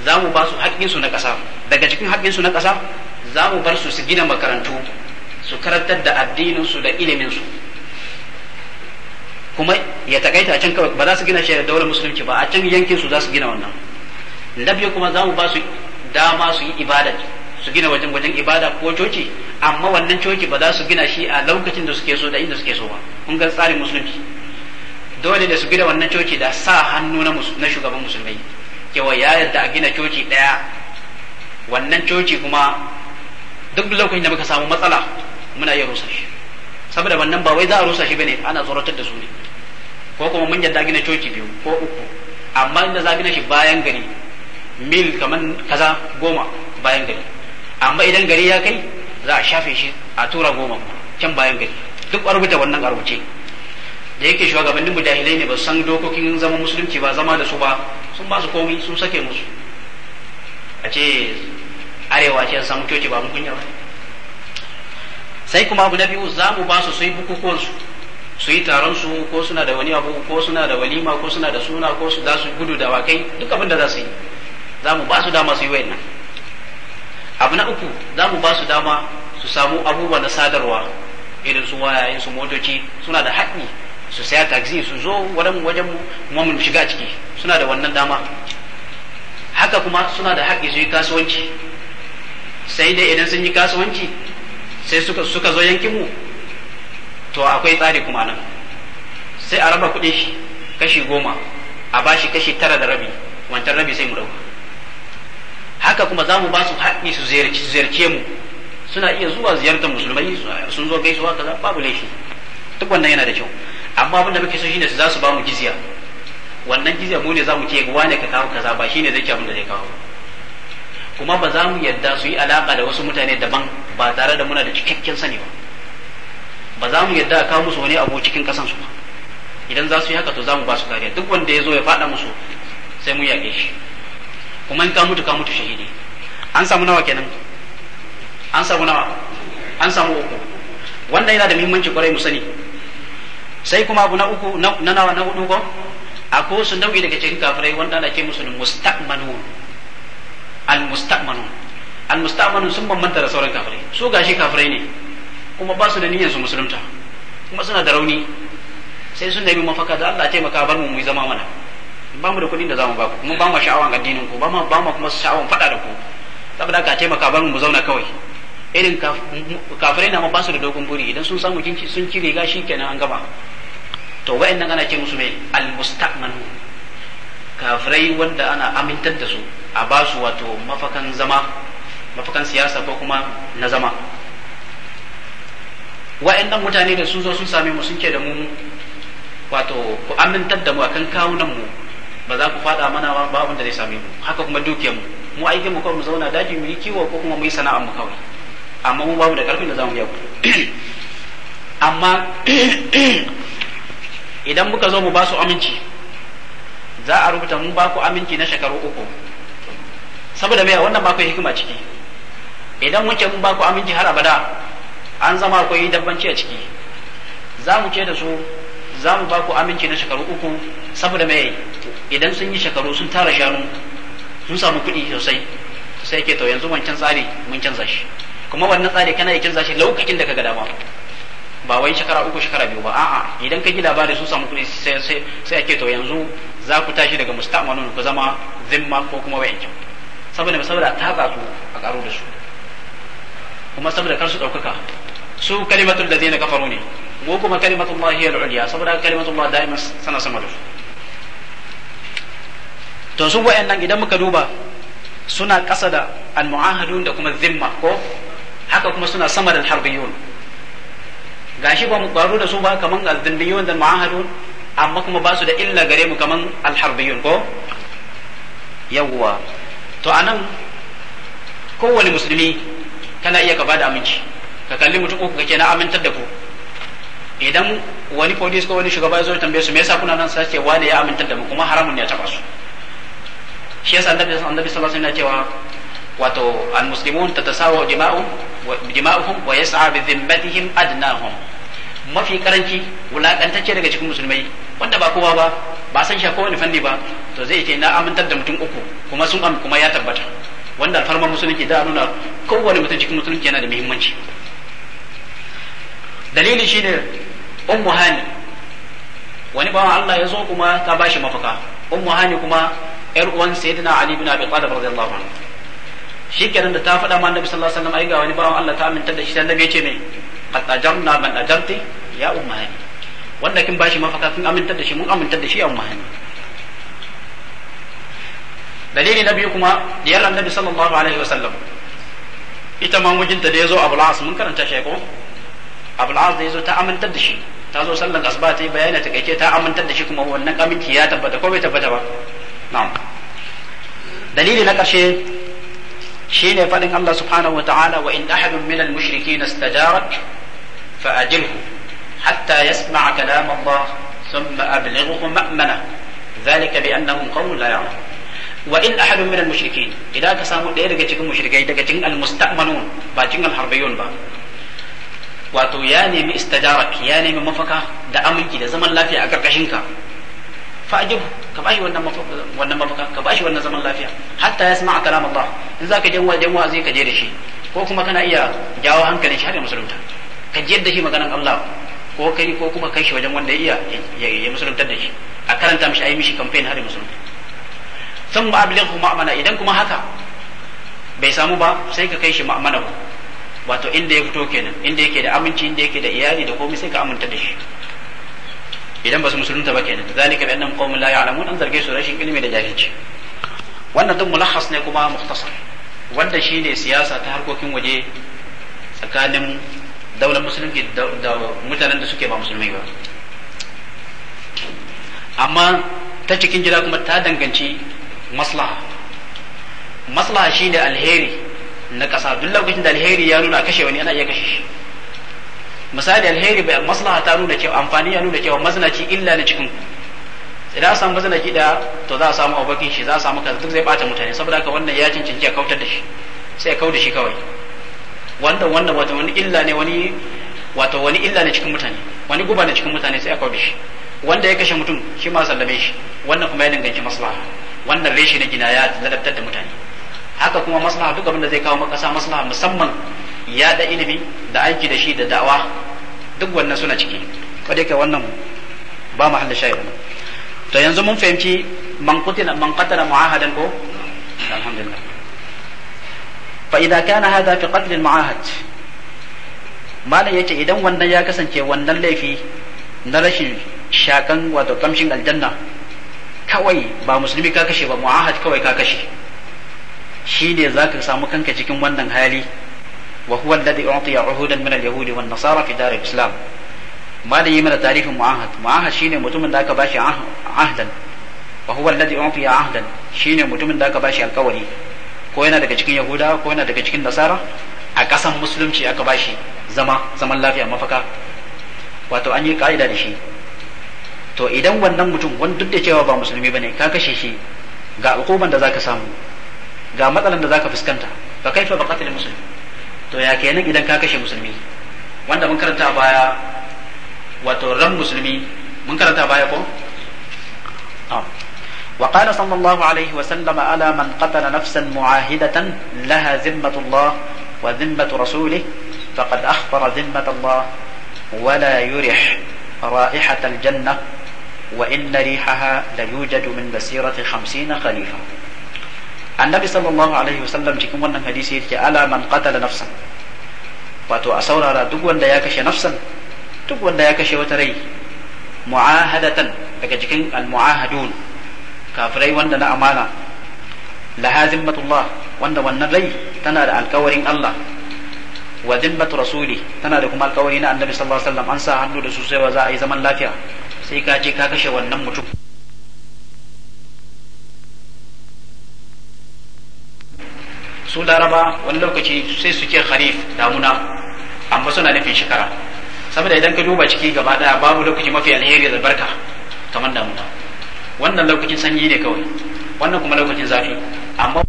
zamu ba su haƙƙin su na ƙasa daga cikin haƙƙin su na ƙasa zamu bar su su gina makarantu su karantar da addinin su da ilimin su kuma ya takaita a can kawai ba za su gina shaidar da daular musulunci ba a can yankin su za su gina wannan na biyu kuma zamu ba su dama su yi ibadar. su gina wajen wajen ibada ko coci amma wannan coci ba za su gina shi a lokacin da suke so da inda suke so ba kun ga tsarin musulunci dole da su gina wannan coci da sa hannu na na shugaban musulmai cewa ya yadda a gina coci daya wannan coci kuma duk lokacin da muka samu matsala muna iya rusa shi saboda wannan ba wai za a rusa shi bane ana tsoratar da su ne ko kuma mun yadda gina coci biyu ko uku amma inda za a gina shi bayan gari mil kaman kaza goma bayan gari amma idan gari ya kai za a shafe shi a tura goma can bayan gari duk a rubuta wannan a rubuce da yake shugabannin mujahilai ne ba su san dokokin zama musulunci ba zama da su ba sun ba su komi sun sake musu a ce arewa ce samu coci ba mun kunya ba sai kuma abu na biyu za mu ba su sai bukukuwansu su yi taron su ko suna da wani abu ko suna da walima ko suna da suna ko su za su gudu da wakai duk abin da za su yi za mu ba su dama su yi wayannan abu na uku za mu ba su dama su samu abubuwa na sadarwa irin su wayayen su motoci suna da haƙƙi su saya taxi su zo wajen wajen mu mu shiga ciki suna da wannan dama haka kuma suna da haƙƙi su yi kasuwanci sai dai idan sun yi kasuwanci sai suka suka zo yankin mu to akwai tsari kuma nan sai a raba kuɗin shi kashi goma a bashi kashi tara da rabi wancan rabi sai mu ɗauka haka kuma za mu ba su haƙƙi su ziyarce mu suna iya zuwa ziyartar musulmai sun zo gaisuwa kaza babu laifi duk wannan yana da kyau amma abin da muke so shine su za su ba mu jizya wannan jizya mu ne za mu ce wane ka kawo kaza ba shine zai abin da zai kawo kuma ba za mu yadda su yi alaka da wasu mutane daban ba tare da muna da cikakken sani ba ba za mu yadda a kawo musu wani abu cikin kasan su ba idan za su yi haka to za mu ba su kariya duk wanda ya zo ya faɗa musu sai mu yaƙe shi kuma in ka mutu ka mutu shahidi an samu nawa kenan an samu nawa an samu uku wannan yana da muhimmanci kwarai mu sani sai kuma abu na uku na nawa na hudu ko akwai wasu nau'i daga cikin kafirai wanda ana ce musu mustaqmanun al mustaqmanun al mustaqmanun sun bambanta da sauran kafirai su gashi kafirai ne kuma ba su da niyyar su musulunta kuma suna da rauni sai sun nemi mafaka da Allah taimaka bar mu mu zama mana ba mu da kuɗin da za mu ba ku mu ba mu sha'awan addinin ku ba mu ba mu kuma sha'awan faɗa da ku saboda ka taimaka bar mu zauna kawai irin kafirai na ma ba su da dogon buri idan sun samu sun ci riga shi kenan an gaba to wa'annan ana ce musu mai almustaqman kafirai wanda ana amintar da su a ba su wato mafakan zama mafakan siyasa ko kuma na zama wa'annan mutane da sun zo sun same mu sun ke da mu wato ku amintar da mu akan kawunan mu ba za ku fada mana ba babu da zai same mu haka kuma dukiyar mu mu aikin mu kawai mu zauna daji mu yi kiwo ko kuma mu yi sana'ar mu kawai amma mu babu da karfin da za mu yi amma idan muka zo mu ba su aminci za a rubuta mu ba ku aminci na shekaru uku saboda me wannan ba ku hikima ciki idan mun ce mun ba ku aminci har abada an zama akwai dabbanci a ciki za mu ce da su za mu ba ku aminci na shekaru uku saboda me idan sun yi shekaru sun tara shanu sun samu kuɗi sosai sai ke to yanzu wancan tsari mun canza shi kuma wannan tsari kana yi canza shi lokacin da ka ga dama ba wai shekara uku shekara biyu ba a'a idan ka ji labari sun samu kuɗi sai sai sai ake to yanzu za ku tashi daga musta'manun ku zama zimma ko kuma wayancan saboda saboda ta tsatsu a karo da su kuma saboda kar su ɗaukaka su kalimatul da zai na kafaru ne mu kuma kalimatul ma hiya al-ulya saboda kalimatul ma da'iman sana sama da su to su wayannan idan muka duba suna ƙasa da almu'ahadun da kuma zimma ko haka kuma suna sama da harbiyun gashi ba mu ƙwaro da su ba kaman al-zimmiyun da mu'ahadun amma kuma ba su da illa gare mu kaman al-harbiyun ko yawwa to anan kowane musulmi kana iya ka bada aminci ka kalli mutum uku kake na amintar da ku idan wani police ko wani shugaba ya zo tambaye su me yasa kuna nan sace wani ya amintar da mu kuma haramun ne ya taba su shi yasa annabi annabi sallallahu alaihi wasallam cewa wato almuslimun tatasawu dima'u dima'uhum wa yas'a bi dhimmatihim adnahum mafi karanci wulakantacce daga cikin musulmai wanda ba kowa ba ba san shi kowane fanni ba to zai ce na amintar da mutum uku kuma sun am kuma ya tabbata wanda alfarmar musulunci da nuna kowane mutum cikin musulunci yana da muhimmanci dalili shine ummu hani wani bawan Allah ya zo kuma ta bashi mafaka ummu hani kuma yar uwan sayyidina ali bin abi talib radiyallahu anhu shikenan da ta faɗa ma annabi sallallahu alaihi wasallam ai ga wani bawan Allah ta aminta da shi sai annabi ya ce me qad ajarna man ajarti ya ummahani wanda kin bashi mafaka kin aminta da shi mun aminta da shi ya ummahani dalili na biyu kuma diyar annabi sallallahu alaihi wasallam ita ma mijinta da yazo abul as mun karanta shi ko abul as da yazo ta aminta da shi ta zo sallan asuba ta yi bayani ta kaice ta aminta da shi kuma wannan aminci ya tabbata ko bai tabbata ba na'am dalili na ƙarshe shine faɗin Allah subhanahu wa ta'ala wa in ahadun min al-mushrikeena istajarak fa ajilhu hatta yasma'a kalam Allah thumma ablighuhu ma'mana dhalika bi annahum qawmun la ya'lamun wa in ahadun min al-mushrikeen idan ka samu ɗaya daga cikin mushrikai daga cikin al-musta'manun ba cikin ba wato ya nemi istajarak ya nemi mafaka da aminci da zaman lafiya a karkashin ka fa'ajib ka bashi wannan wannan mafaka ka bashi wannan zaman lafiya hatta ya sama kalam Allah in zaka je wajen wa'azi ka je da shi ko kuma kana iya jawo hankalin shi har ya musulunta ka je da shi maganan Allah ko kai ko kuma kai shi wajen wanda ya iya ya musuluntar da shi a karanta mishi ayi mishi campaign har ya musulunta sun ba ablighu ma'mana idan kuma haka bai samu ba sai ka kai shi ma'mana wato inda ya fito kenan inda yake da aminci inda yake da iyali da komai sai ka aminta da shi idan ba su musulunta ba kenan zalika bi annahum qaumun la ya'lamun an zarge su rashin ilimi da jahilci wannan duk mulakhas ne kuma mukhtasar wanda shine siyasa ta harkokin waje tsakanin daular musulunci da mutanen da suke ba musulmai ba amma ta cikin gida kuma ta danganci maslaha maslaha shine alheri na ƙasa duk lokacin da alheri ya nuna kashe wani ana iya kashe shi misali alheri bai maslaha ta nuna cewa amfani ya nuna cewa maznaci illa na cikin idan samu maznaci da to za a samu abokin shi za a samu kaza duk zai bata mutane saboda haka wannan ya cancanci ya kautar da shi sai ya kauda shi kawai wanda wanda wato wani illa ne wani wato wani illa ne cikin mutane wani guba ne cikin mutane sai ya kauda shi wanda ya kashe mutum shi ma sallame shi wannan kuma ya danganci maslaha wannan reshe na gina ya ladabtar da mutane haka kuma maslaha duk abin da zai kawo makasa maslaha musamman yaɗa ilimi da aiki da shi da da'awa duk wannan suna ciki kada yake wannan ba mu halin shayi to yanzu mun fahimci man qutila man qatala mu'ahadan ko alhamdulillah fa idan kana hada fi qatl al mu'ahad malam yace idan wannan ya kasance wannan laifi na rashin shakan wato kamshin aljanna kawai ba musulmi ka kashe ba mu'ahad kawai ka kashe shi ne za ka samu kanka cikin wannan hali وهو الذي أعطي عهودا من اليهود والنصارى في دار الإسلام ما لي من تعريف معاهد معاهد شين متمن ذاك باشي عهدا وهو الذي أعطي عهدا شين متمن ذاك باشي القولي ko yana daga cikin yahuda ko yana daga cikin nasara a ƙasan musulunci aka bashi zama zaman lafiya mafaka wato an yi ka'ida da shi to idan wannan mutum wani duk da cewa ba musulmi bane ka kashe shi ga hukuman da zaka samu ga matsalan da zaka fuskanta fa kaifa baqatil muslim to ya kenan idan ka kashe musulmi wanda mun karanta baya wato ran musulmi mun karanta baya ko وقال صلى الله عليه وسلم على من قتل نفسا معاهدة لها ذمة الله وذمة رسوله فقد أخبر ذمة الله ولا يرح رائحة الجنة وإن ريحها ليوجد من مسيرة خمسين خليفة annabi sallallahu alaihi wasallam cikin wannan hadisi yake ala man qatala nafsan wato a saurara duk wanda ya kashe nafsan duk wanda ya kashe wata rai mu'ahadatan daga cikin al-mu'ahadun kafirai wanda na amana la zimmatullah wanda wannan rai tana da alkawarin Allah wa zimmatu rasuli tana da kuma alkawari na annabi sallallahu alaihi wasallam an sa hannu da su sai ba za a yi zaman lafiya sai ka je ka kashe wannan mutum su laraba wani lokaci sai su ce kharif damuna amma suna nufin shekara saboda idan ka duba ciki gaba daya babu lokaci mafi alheri da barka kamar damuna wannan lokacin sanyi ne kawai wannan kuma lokacin zafi amma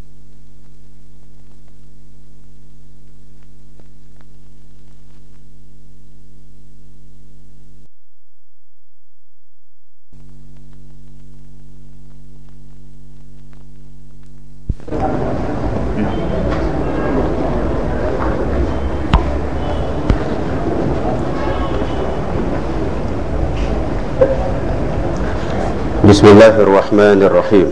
بسم الله الرحمن الرحيم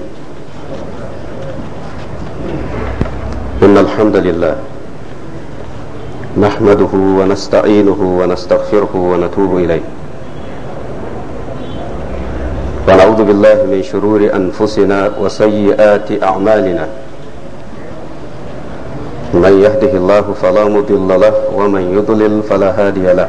إن الحمد لله نحمده ونستعينه ونستغفره ونتوب إليه ونعوذ بالله من شرور أنفسنا وسيئات أعمالنا من يهده الله فلا مضل له ومن يضلل فلا هادي له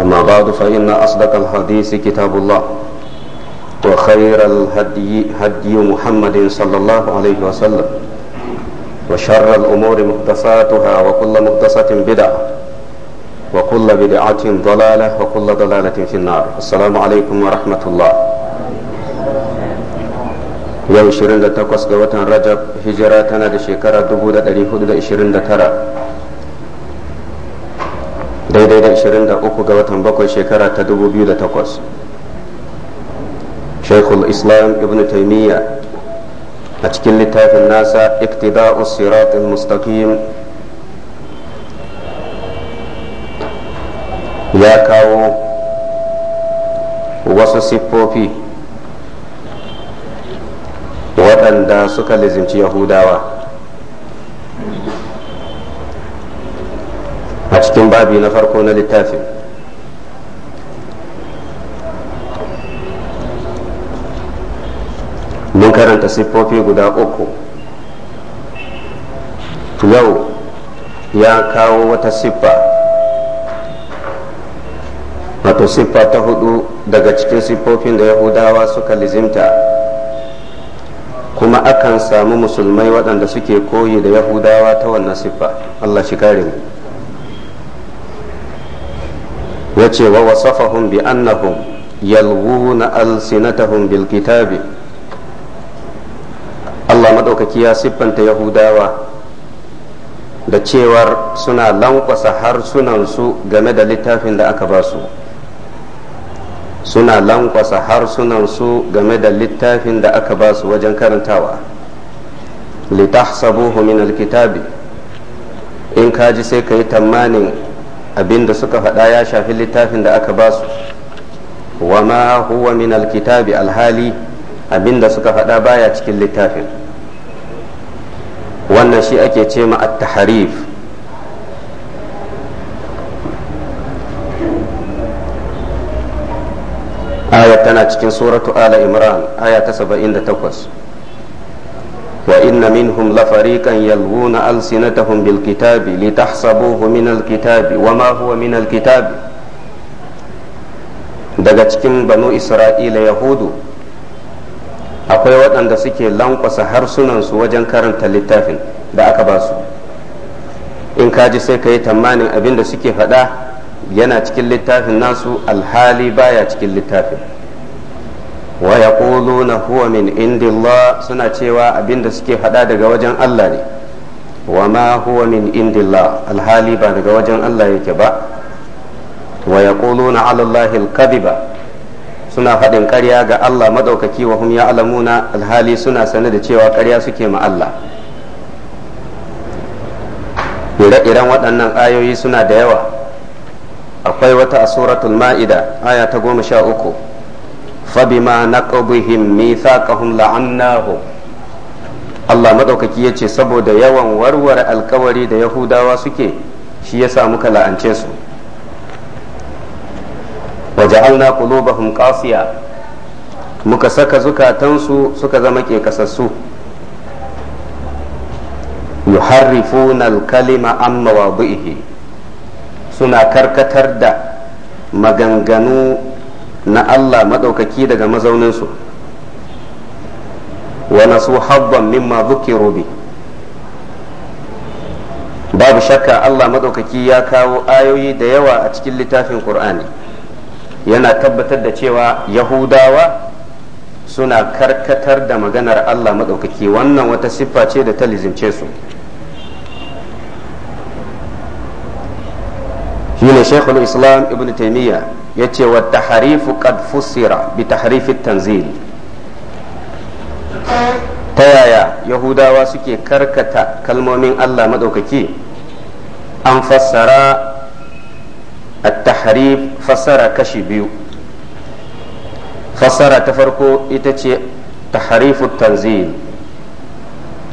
أما بعد فإن أصدق الحديث كتاب الله وخير الهدي هدي محمد صلى الله عليه وسلم وشر الأمور مقتصاتها وكل مقتصة بدعة وكل بدعة ضلالة وكل ضلالة في النار السلام عليكم ورحمة الله يوم 28 ga watan Rajab hijira tana da shekara 1429 daidai da 23 ga watan bakwai shekara ta 2008 shekul islam ibn taimiyya a cikin littafin nasa iktida'u siratul mustaqim ya kawo wasu siffofi waɗanda suka lizimci yahudawa a cikin babi na farko na littafin mun karanta siffofi guda uku yau ya kawo wata siffa wato siffa ta hudu daga cikin siffofin da yahudawa suka lizimta kuma akan samu musulmai waɗanda suke koyi da yahudawa ta wannan siffa allah shi kare mu ya ce wa wasafahum bi annahum yalwuna alsinatahum bil kitabi Allah madaukaki ya siffanta Yahudawa da cewar suna lankwasa harsunansu game da littafin da aka ba su suna lankwasa harsunansu game da littafin da aka ba su wajen karantawa litahsabuhu min alkitabi in kaji sai ka yi tamanin abinda suka faɗa ya shafi littafin da aka ba su wa ma huwa min alkitabi alhali abinda suka faɗa baya cikin littafin wannan shi ake ce ma at-tahrif aya tana cikin suratu ala imran aya ta 78 وإن منهم لفريقا يلوون ألسنتهم بالكتاب لتحسبوه من الكتاب وما هو من الكتاب daga cikin banu isra'ila yahudu akwai waɗanda suke lankwasa harsunansu wajen karanta littafin da aka ba su in kaji sai ka yi tamanin abin da suke faɗa yana cikin littafin nasu alhali baya cikin littafin wa na huwa min suna cewa abinda suke faɗa daga wajen Allah ne wa ma huwa min alhali ba daga wajen Allah yake ba wa na ala Allahi suna faɗin ƙarya ga Allah maɗaukaki wa hum alamuna alhali suna sane da cewa ƙarya suke ma Allah ire-iren waɗannan ayoyi suna da yawa akwai wata asuratul ma'ida aya ta goma sha uku فبما نقضهم ميثاقهم لعناهم Allah madaukaki ya yace saboda yawan warware alkawari da Yahudawa suke shi ya sa muka la'ance su waja'alna qulubahum qasiya muka saka zukatansu suka zama ke kasassu yuharrifuna al-kalima an suna karkatar da maganganu na Allah maɗaukaki daga mazauninsu wa nasu habban mimma dhukiru bi babu shakka Allah maɗaukaki ya kawo ayoyi da yawa a cikin littafin ƙur'ani, yana tabbatar da cewa Yahudawa suna karkatar da maganar Allah maɗaukaki wannan wata siffa ce da ta lizince su shine shaykhul islam ibn ya ce wa tahrifu qad bi tahrifi tanzil ta yaya yahudawa suke karkata kalmomin Allah madaukaki an fassara at-tahrif fassara kashi biyu fassara ta farko ita ce tahrifu tanzil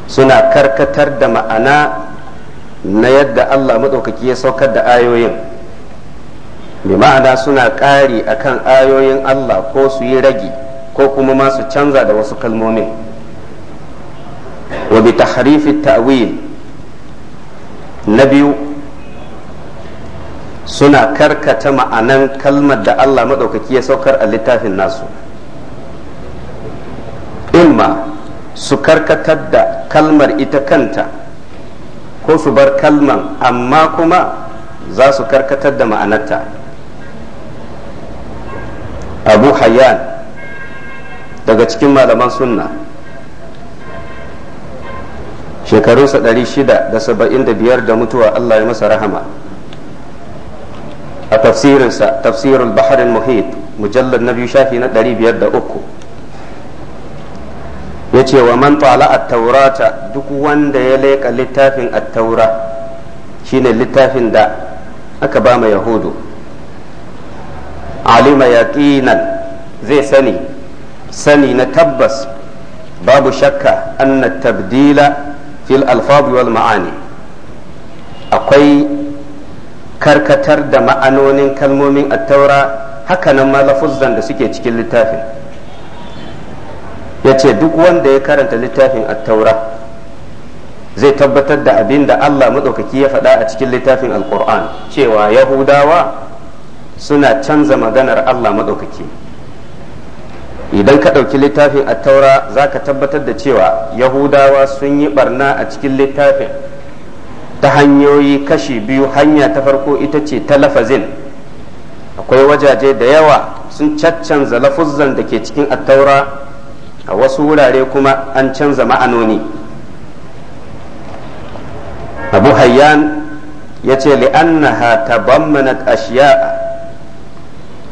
suna karkatar da ma'ana na yadda Allah madaukaki ya saukar da ayoyin bi ma'ana suna ƙari akan ayoyin Allah ko su yi ragi ko kuma masu canza da wasu kalmomin wa bi tahrifi ta'wil na biyu suna karkata ma'anan kalmar da Allah maɗaukaki ya saukar a littafin nasu imma su karkatar da kalmar ita kanta ko su bar kalman amma kuma za su karkatar da ma'anarta abu hayyan daga cikin malaman sunna shekarunsa 675 da mutuwa allah ya masa rahama a tafsirinsa tafsirul baharin muhit mujallar na biyu shafi na 503 ya ce wa man tala a taurata duk wanda ya leƙa littafin a taura shine littafin da aka ba ma yahudu alima yaqinan zai sani sani na tabbas babu shakka anna tabdila fil alfaz wal ma'ani akwai karkatar da ma'anonin kalmomin attaura hakanan ma da suke cikin littafin yace duk wanda ya karanta littafin attaura zai tabbatar da abinda da allah maɗaukaki ya faɗa a cikin littafin alkur'an cewa yahudawa suna canza maganar Allah maɗaukaki idan ka ɗauki littafin attaura za ka tabbatar da cewa yahudawa sun yi barna a cikin littafin ta hanyoyi kashi biyu hanya ta farko ita ce ta lafazin akwai wajaje da yawa sun caccanza lafuzzan da ke cikin attaura a wasu wurare kuma an canza ma'anoni abu hayyan ya ce li'annaha tabammanat ashiya'a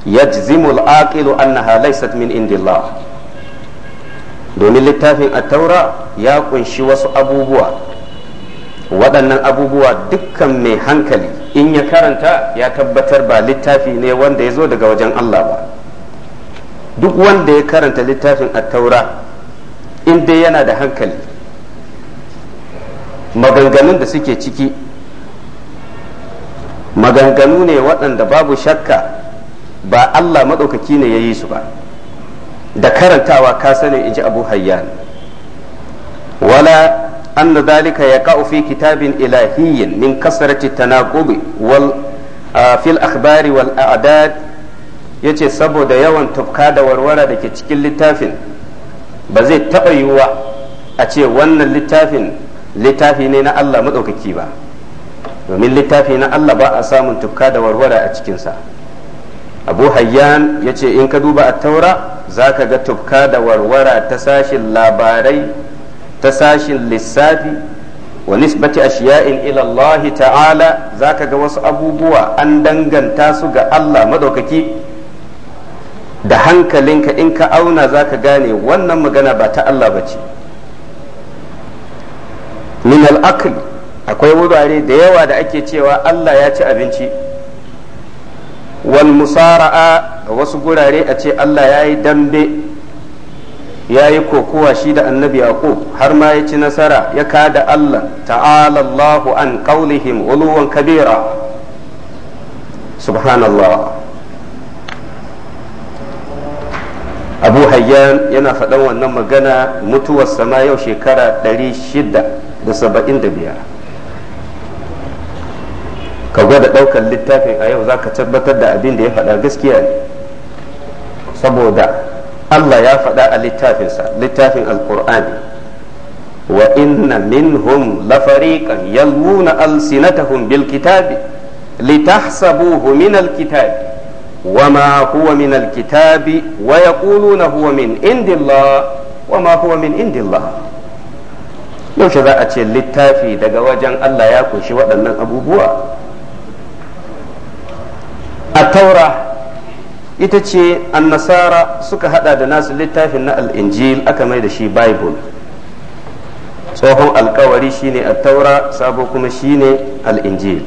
يجزم العاقل أنها ليست من عند الله domin littafin attaura ya kunshi wasu abubuwa waɗannan abubuwa dukkan mai hankali in ya karanta ya tabbatar ba littafi ne wanda ya zo daga wajen Allah ba duk wanda ya karanta littafin attaura in dai yana da hankali maganganun da suke ciki maganganu ne waɗanda babu shakka ba Allah maɗaukaki ne ya yi su ba da karantawa ka sani in ji abu hayyan wala anna dalika ya fi kitabin ilahiyyin min kasarati tanaqubi wal fil akhbari wal a'dad yace saboda yawan tufka da warwara da ke cikin littafin ba zai taɓa yiwuwa a ce wannan littafin littafi ne na Allah maɗaukaki ba domin littafi na Allah ba a samun tufka da warwara a cikinsa abu hayyan ya ce in ka duba a taura za ka ga tufka da warwara ta sashin labarai ta sashin lissafi wa nisbati ashiya'in ila Allah ta'ala za ka ga wasu abubuwa an danganta su ga Allah madaukaki da hankalinka in ka auna za ka gane wannan magana ba ta Allah ba ce min al'akli akwai wurare da yawa da ake cewa Allah ya ci abinci wal musara'a ga wasu gurare a ce Allah ya yi dambe ya yi kokowa shi da annabi yaqub har ma ya ci nasara ya kada Allah ta'ala Allahu an qaulihim uluwan kabira subhanallah abu hayyan yana faɗan wannan magana mutuwar sama yau shekara 675 ka gwada ɗaukar littafin a yau za ka tabbatar da abin da ya faɗa gaskiya ne saboda Allah ya faɗa a littafinsa littafin alkur'ani wa inna minhum la fariqan yalmuna alsinatahum bil litahsabuhu min al وما هو من الكتاب ويقولون هو من عند الله وما هو من عند الله yaushe za a ce littafi daga wajen Allah ya kunshi waɗannan abubuwa a taura ita ce annasara suka hada da nasu littafin na al'injil aka mai da shi bible tsohon alkawari shine a taura sabo kuma shine al'injil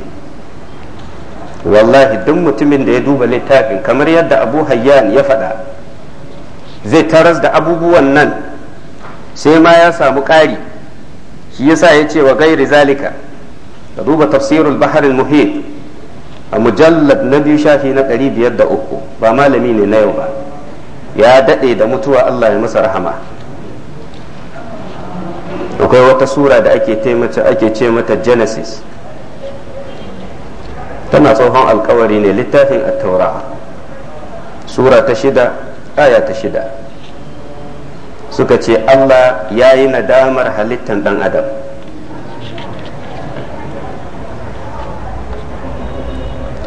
wallahi duk mutumin da ya duba littafin kamar yadda abu hayyan ya faɗa zai taras da abubuwan nan sai ma ya samu ƙari shi yasa ya ce wa gairi zalika ka duba tafsirul baharul muhit a mujallad na biyu shafi na ɗari biyar da uku ba malami ne na yau ba ya daɗe da mutuwa Allah ya masa rahama akwai wata sura da ake ce mata genesis tana tsohon alkawari ne littafin a taurawa. sura ta shida aya ta shida suka ce Allah ya yi nadamar halittar ɗan adam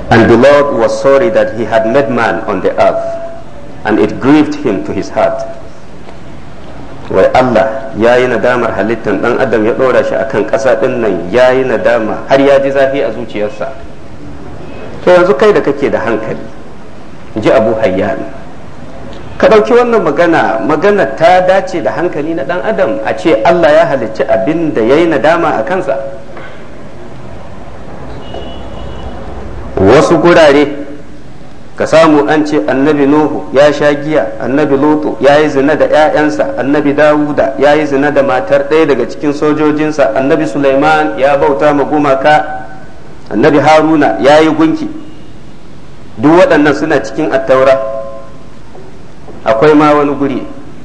And the Lord was sorry that he had made man on the earth, and it grieved him to his heart. Wai Allah ya yi nadamar halittan ɗan Adam ya ɗora shi kan ƙasa ɗin nan ya yi nadama har ya ji zafi a zuciyarsa. To yanzu kai da kake da hankali, ji Abu Hayyan. Ka ɗauki wannan magana, magana ta dace da hankali na ɗan Adam a ce Allah ya halicci abin da ya yi nadama a kansa. wasu gurare ka samu an ce annabi nuhu ya sha giya annabi lutu ya yi zina da 'ya'yansa annabi dawuda ya yi zina da matar ɗaya daga cikin sojojinsa annabi sulaiman ya bauta ma gumaka annabi haruna ya yi gunki duk waɗannan suna cikin attaura akwai ma wani guri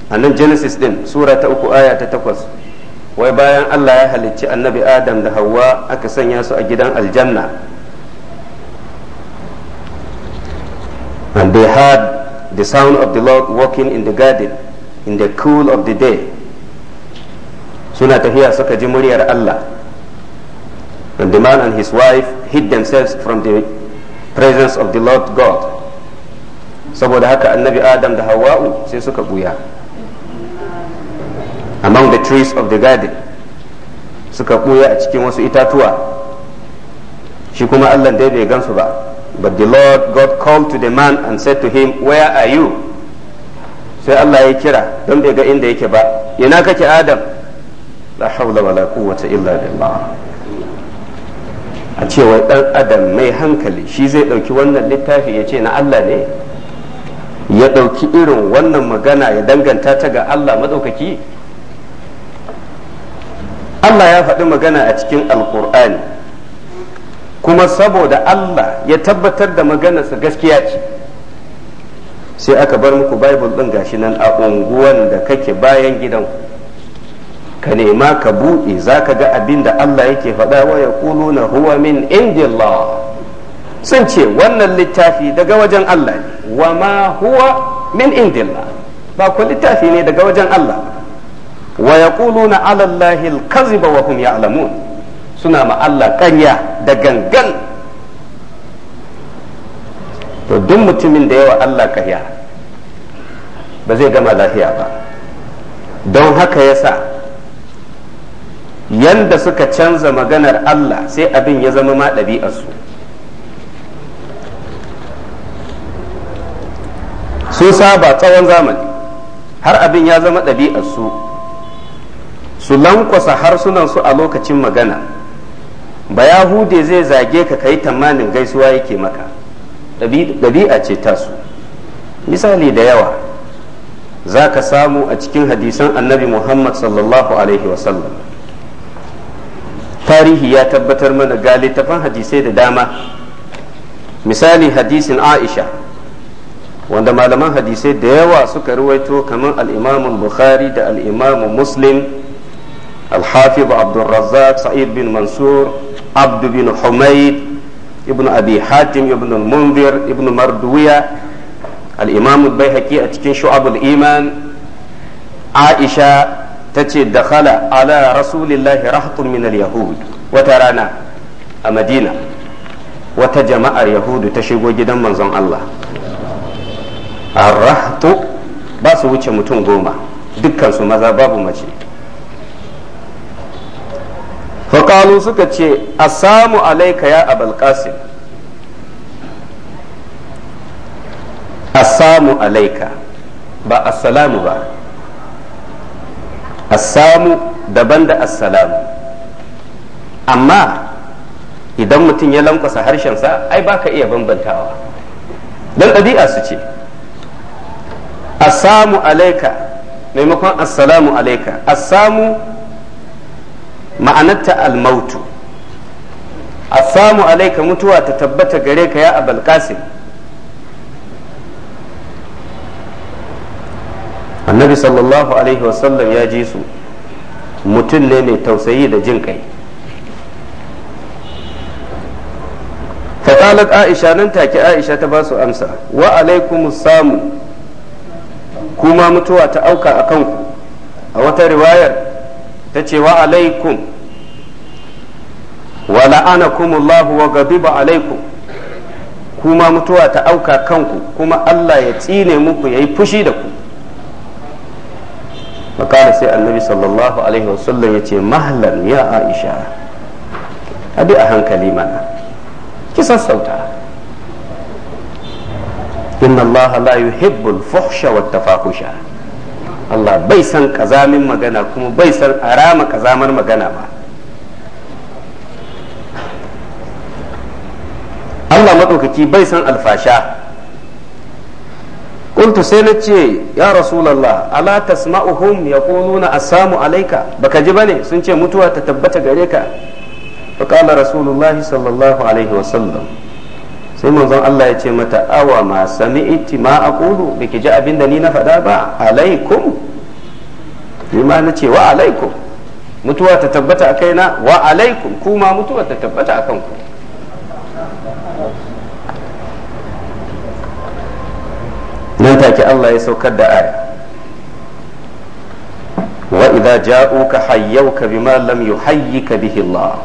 a nan genesis ɗin sura ta uku aya ta takwas wai bayan allah ya halicci annabi adam da hawa aka sanya su a gidan aljanna And they heard the sound of the Lord walking in the garden in the cool of the day. Suna tafiya suka ji muryar Allah. And the man and his wife hid themselves from the presence of the Lord God. Saboda haka annabi Adam da Hawa'u sai suka buya. Among the trees of the garden suka buya a cikin wasu itatuwa. Shi kuma Allah dai bai gansu ba. But the Lord God called to the man and said to him, Where are you? Sai Allah ya kira don bai ga inda yake ba, ina kake Adam? La hawla wala quwwata illa billah. A cewa dan Adam mai hankali shi zai dauki wannan littafi ya ce na Allah ne? Ya dauki irin wannan magana ya danganta ta ga Allah madaukaki Allah ya faɗi magana a cikin alkur'ani. kuma saboda Allah ya tabbatar da maganarsa gaskiya ce sai aka bar muku bible ɗin gashi nan a unguwan da kake bayan gidan ka nema ka buɗe za ka ga abin da Allah yake faɗa wa ya na huwa min indillah sun ce wannan littafi daga wajen Allah ne wa ma huwa min indillah ba ku littafi ne daga wajen Allah wa ya na alallahi alkaziba wa hum ya'lamun suna ma Allah da gangan to duk mutumin da yawa Allah kahiya ba zai gama lafiya ba don haka ya sa yanda suka canza maganar Allah sai abin ya zama ma ɗabi'arsu sun saba tsawon zamani har abin ya zama ɗabi'arsu su lankwasa harsunansu a lokacin magana ba yahude zai zage ka kai tamanin gaisuwa yake maka ɗabi'a ce tasu misali da yawa za ka samu a cikin hadisan annabi muhammad sallallahu alaihi wasallam tarihi ya tabbatar mana ga tafan hadisai da dama misali hadisin aisha wanda malaman hadisai da yawa suka ruwaito kamar al'imamun bukhari da al'imamun muslim al-hafiz abdulrazzaq sa'id bin mansur abdu bin humayd ibn abi hatim ibn munzir ibn marduwiya al-imam al-baihaqi a cikin shu'abul iman aisha tace dakhala ala rasulillahi rahtun min al-yahud wata rana a madina wata jama'ar yahudu ta shigo gidan manzon Allah arrahtu ba su wuce mutum goma dukkansu maza babu mace faƙalu suka ce a samu alaika ya abal qasim a samu alaika ba salamu ba samu daban da assalamu amma idan mutum ya lankwasa harshensa ai ba ka iya bambantawa don ɗabi'a su ce assamu alaika maimakon assalamu alaika assamu ma'anarta almautu a samu alaika mutuwa ta tabbata gare ka ya abul qasim annabi sallallahu alaihi wasallam ya ji su mutum ne mai tausayi da jin kai fatalat aisha nan take aisha ta ba su amsa wa alaikum samu kuma mutuwa ta auka a kanku a wata riwayar ta ce wa alaikum wa la'anakumullahu wa ghadiba alaikum kuma mutuwa ta auka kanku kuma Allah ya tsine muku yayi fushi da ku makala sai annabi sallallahu alaihi wasallam ya ce mahallan ya aisha abi a hankali mana ki sassauta inna allaha la yuhibbul fuhsha wat tafahusha Allah bai san kazamin magana kuma bai san arama kazamar magana ba Allah maɗaukaki bai san alfasha kuntu sai na ce ya rasulallah ala tasma'uhum yaquluna assamu alaika baka ji bane sun ce mutuwa ta tabbata gare ka fa qala rasulullahi sallallahu alaihi wasallam sai manzon Allah ya ce mata awa ma sami iti ma a aqulu biki ji abin da ni na faɗa ba alaikum ni ma na ce wa alaikum mutuwa ta tabbata a kaina wa alaikum kuma mutuwa ta tabbata a kanku nan take Allah ya saukar da aya wa idza ja'uka hayyuka bima lam yuhayyika bihi Allah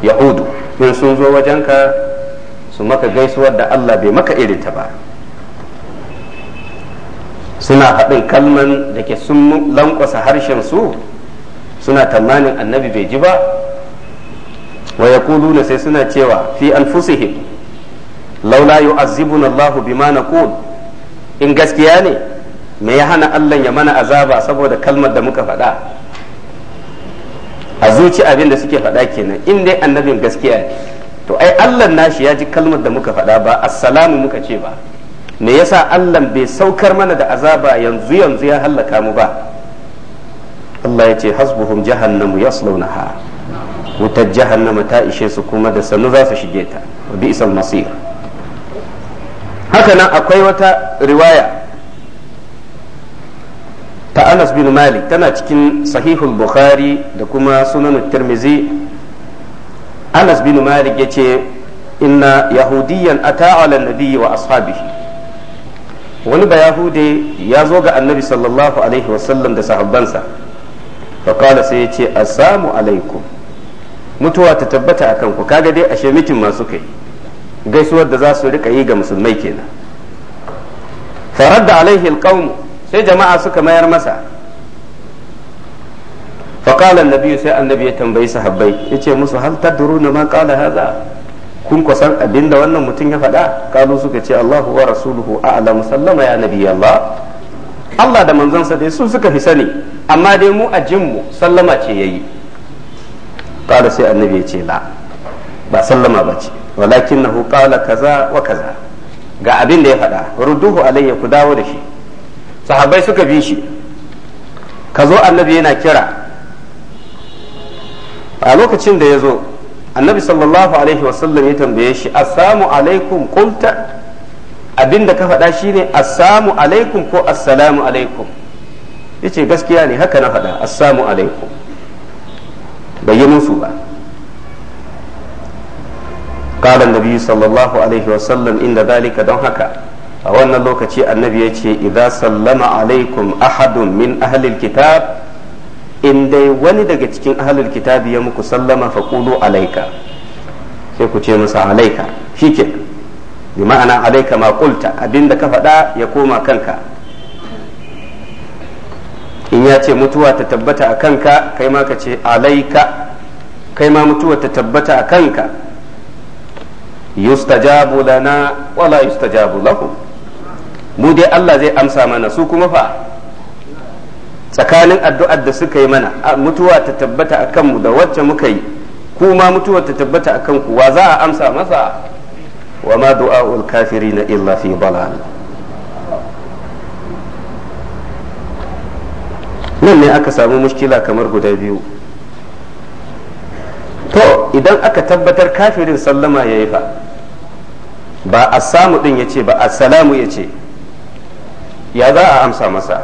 yahudu in sun zo wajenka su maka gaisuwar da Allah bai maka irin ta ba suna haɗin kalman da ke sun lankwasa harshen su suna tamanin annabi bai ji ba wa na sai suna cewa fi anfusihim laula yu'azzibuna Allahu bima naqul in gaskiya ne me ya hana Allah ya mana azaba saboda kalmar da muka faɗa a zuci abin da suke faɗa kenan in dai annabin gaskiya ne to ai Allah nashi ya ji kalmar da muka faɗa ba assalamu muka ce ba me yasa Allah bai saukar mana da azaba yanzu yanzu ya hallaka mu ba Allah ya ce hasbuhum jahannamu yaslawnaha wutar jahannama ta ishe su kuma da sanu za su shige ta wa isal masir haka nan akwai wata riwaya ta Anas bin Malik tana cikin sahihul Bukhari da kuma sunan Tirmidhi anas bin malik yace inna yahudiyan ata ala nabiyyi wa ashabihi wani ba yahude ya zo ga annabi sallallahu alaihi wasallam da sahabbansa faƙala sai ya ce alaikum mutuwa ta tabbata akan ku kaga dai ashe mitin masu kai gaisuwar da za su rika yi ga musulmai kenan faradda alaihi alqawm sai jama'a suka mayar masa فقال النبي sai النبي ya tambayi sahabbai ya ce musu hal قال ma qala hadha kun kusan abin da wannan mutum ya faɗa kalu suka ce Allahu wa rasuluhu a'la musallama ya nabi Allah Allah da manzansa dai su suka fi sani amma dai mu a mu sallama ce yayi qala sai annabi ya ce la ba sallama ba ce walakinahu qala kaza wa kaza ga abin da ya faɗa rudduhu alayya ku dawo da shi sahabbai suka bi shi ka zo annabi yana kira a lokacin da ya zo annabi sallallahu alaihi wasallam ya tambaye shi assalamu alaikum kulta da ka faɗa shine assalamu alaikum ko assalamu alaikum ce gaskiya ne haka na faɗa assalamu alaikum bai yi musu ba قال النبي صلى الله عليه وسلم إن ذلك don haka a wannan lokaci annabi ya ce idza sallama alaikum ahadun min ahlil kitab in dai wani daga cikin ahlul kitabi ya muku sallama fa qulu alayka sai ku ce masa alayka shike bi ma'ana alayka ma qulta abinda ka faɗa ya koma kanka in ya ce mutuwa ta tabbata a kanka kai ma ka ce alayka kai ma mutuwa ta tabbata a kanka yustajabu lana wala yustajabu lahum mu dai Allah zai amsa mana su kuma fa tsakanin addu'ar da suka yi mana mutuwa ta tabbata a kanmu da wacce muka yi kuma mutuwa ta tabbata a kanku wa za a amsa masa wa ma du'a'ul na illa fi balal nan ne aka samu mushkila kamar guda biyu to idan aka tabbatar kafirin sallama ya yi fa ba a samu din ya ce ba assalamu ya ce ya za a amsa masa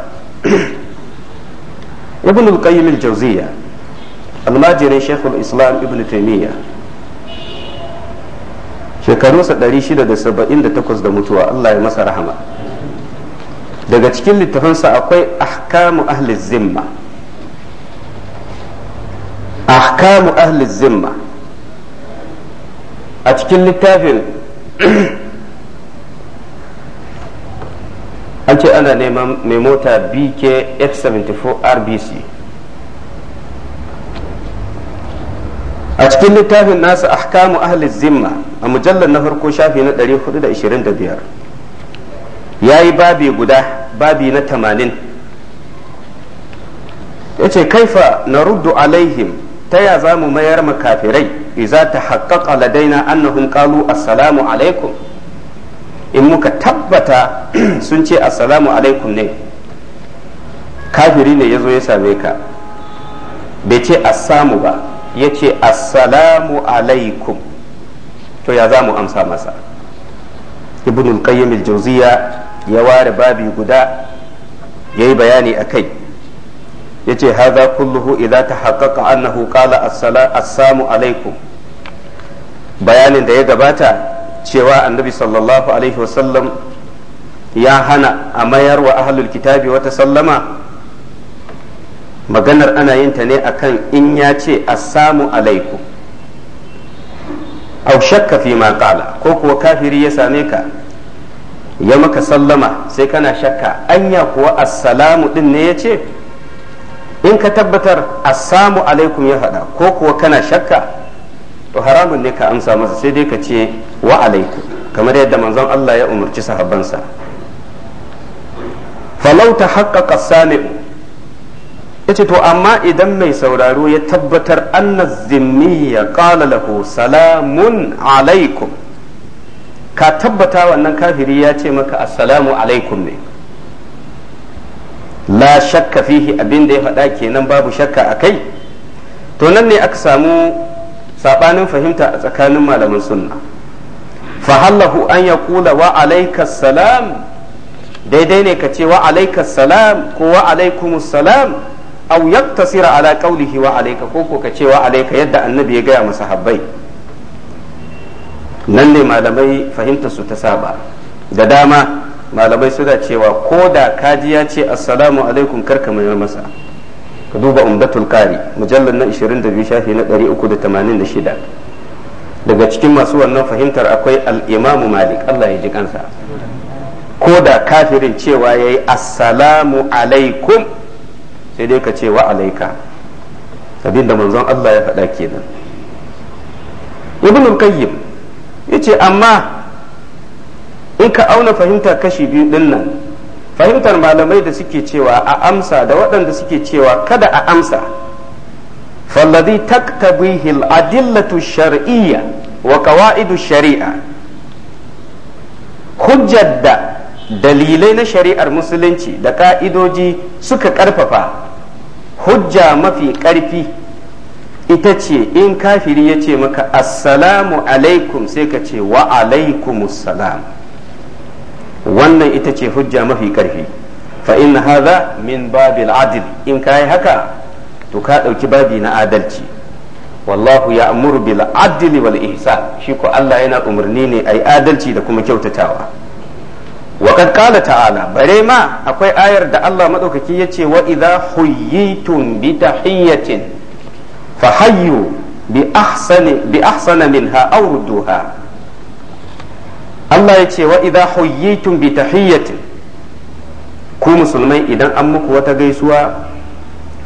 ibn al-qayyim al-jawziya almajirin shekul islam ibn taimiyya shekarunsa 678 da da takwas mutuwa allah ya masa rahama daga cikin littafinsa akwai ahkamu ahli zimma ahkamu ahli zimma a cikin littafin an ce ana neman mai mota bk f74 rbc a cikin littafin nasa ahkamu ahlis zimma a mujallar na farko shafi na 425 ya yi babi guda babi na 80 ya ce kaifa na ruddu alaihim ta ya za mu mayar makafirai iza ta haƙaƙa ladaina annahun ƙalu assalamu alaikum in muka tabbata sun ce assalamu alaikum ne kafiri ne ya zo ya same ka bai ce assamu ba ya ce assalamu alaikum to ya za mu amsa masa ibn al-qayyim al-jawziya ya ware babi guda Yayi bayani a kai ya ce haza kulluhu idza tahaqqaqa annahu qala assalamu alaikum bayanin da ya gabata cewa annabi sallallahu alaihi wasallam ya hana a mayar wa ahlul kitabi wata sallama maganar ana yin ta ne akan in ya ce assamu alaikum au shakka fi ma qala ko kuwa kafiri ya same ka ya maka sallama sai kana shakka anya kuwa assalamu din ne ya ce in ka tabbatar assamu alaikum ya faɗa ko kuwa kana shakka to haramun ne ka amsa masa sai dai ka ce wa alaiku kamar yadda manzon Allah ya umarci sahabbansa falau ta haƙaƙa ya yace to amma idan mai sauraro ya tabbatar anna ya kala lahu salamun alaikum ka tabbata wannan kafiri ya ce maka assalamu alaikum ne la shakka fihi abin da ya faɗa kenan babu shakka a kai to nan ne aka samu saɓanin fahimta a tsakanin malaman sunna fahallahu an ya kula wa alaikas salam daidai ne ka ce wa alaikas salam ko wa alaikumus salam au tasira ala kaulihi wa alaika ko ko ka ce wa alaika yadda annabi ya gaya masa habbai nan ne malamai fahimta su ta saba da dama malamai suna cewa ko da kaji ya ce assalamu alaikum karka mai masa ka duba umdatul qari mujallar na 22 shafi na 386 daga cikin masu wannan fahimtar akwai al'imamu malik Allah ya ji kansa ko da kafirin cewa yayi assalamu alaikum sai dai ka ce wa alaika abinda manzon Allah ya faɗa kenan ibn qayyim yace amma in ka auna fahimta kashi biyu din nan fahimtar malamai da suke cewa a amsa da waɗanda suke cewa kada a amsa falladhi taktabihi al-adillatu shar'iyya wa qawaidu shari'a hujjar da dalilai na shari'ar musulunci da ka'idoji suka karfafa hujja mafi karfi ita ce in kafiri yace ce maka assalamu alaikum sai ka ce wa alaikumussalam salam wannan ita ce hujja mafi karfi fa in haza min babil adl in ka yi haka to ka ɗauki babi na adalci wallahu ya'muru bil adli wal ihsan shi ko Allah yana umarni ne ai adalci da kuma kyautatawa wa kad qala ta'ala bare ma akwai ayar da Allah madaukaki yace wa idha huyyitum bi tahiyyatin fa hayyu bi ahsani bi ahsana minha aw rudduha Allah ya ce wa idza huyyitum bi tahiyyatin ku musulmai idan an muku wata gaisuwa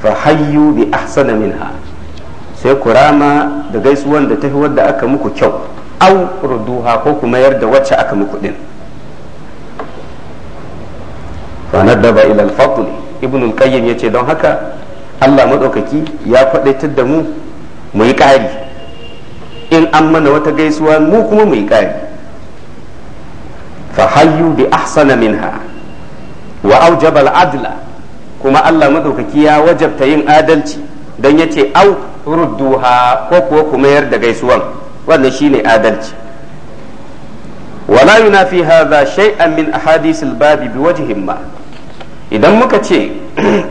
fa hayyu bi ahsana minha sai ku rama da gaisuwan da tafi wadda aka muku kyau au ruduha ko kuma yar da wacce aka muku din fa nadaba ila al-fadl ibn al-qayyim yace don haka Allah madaukaki ya faɗaitar da mu mu yi ƙari in an mana wata gaisuwa mu kuma mu yi ƙari فحيوا بأحسن منها وأوجب العدل كما الله مدوككي يا وجب تين آدلتي دن يتي أو ردوها كوكو كمير دقيسوان وأن شيني آدلتي ولا ينافي هذا شيئا من أحاديث الباب بوجه ما idan muka ce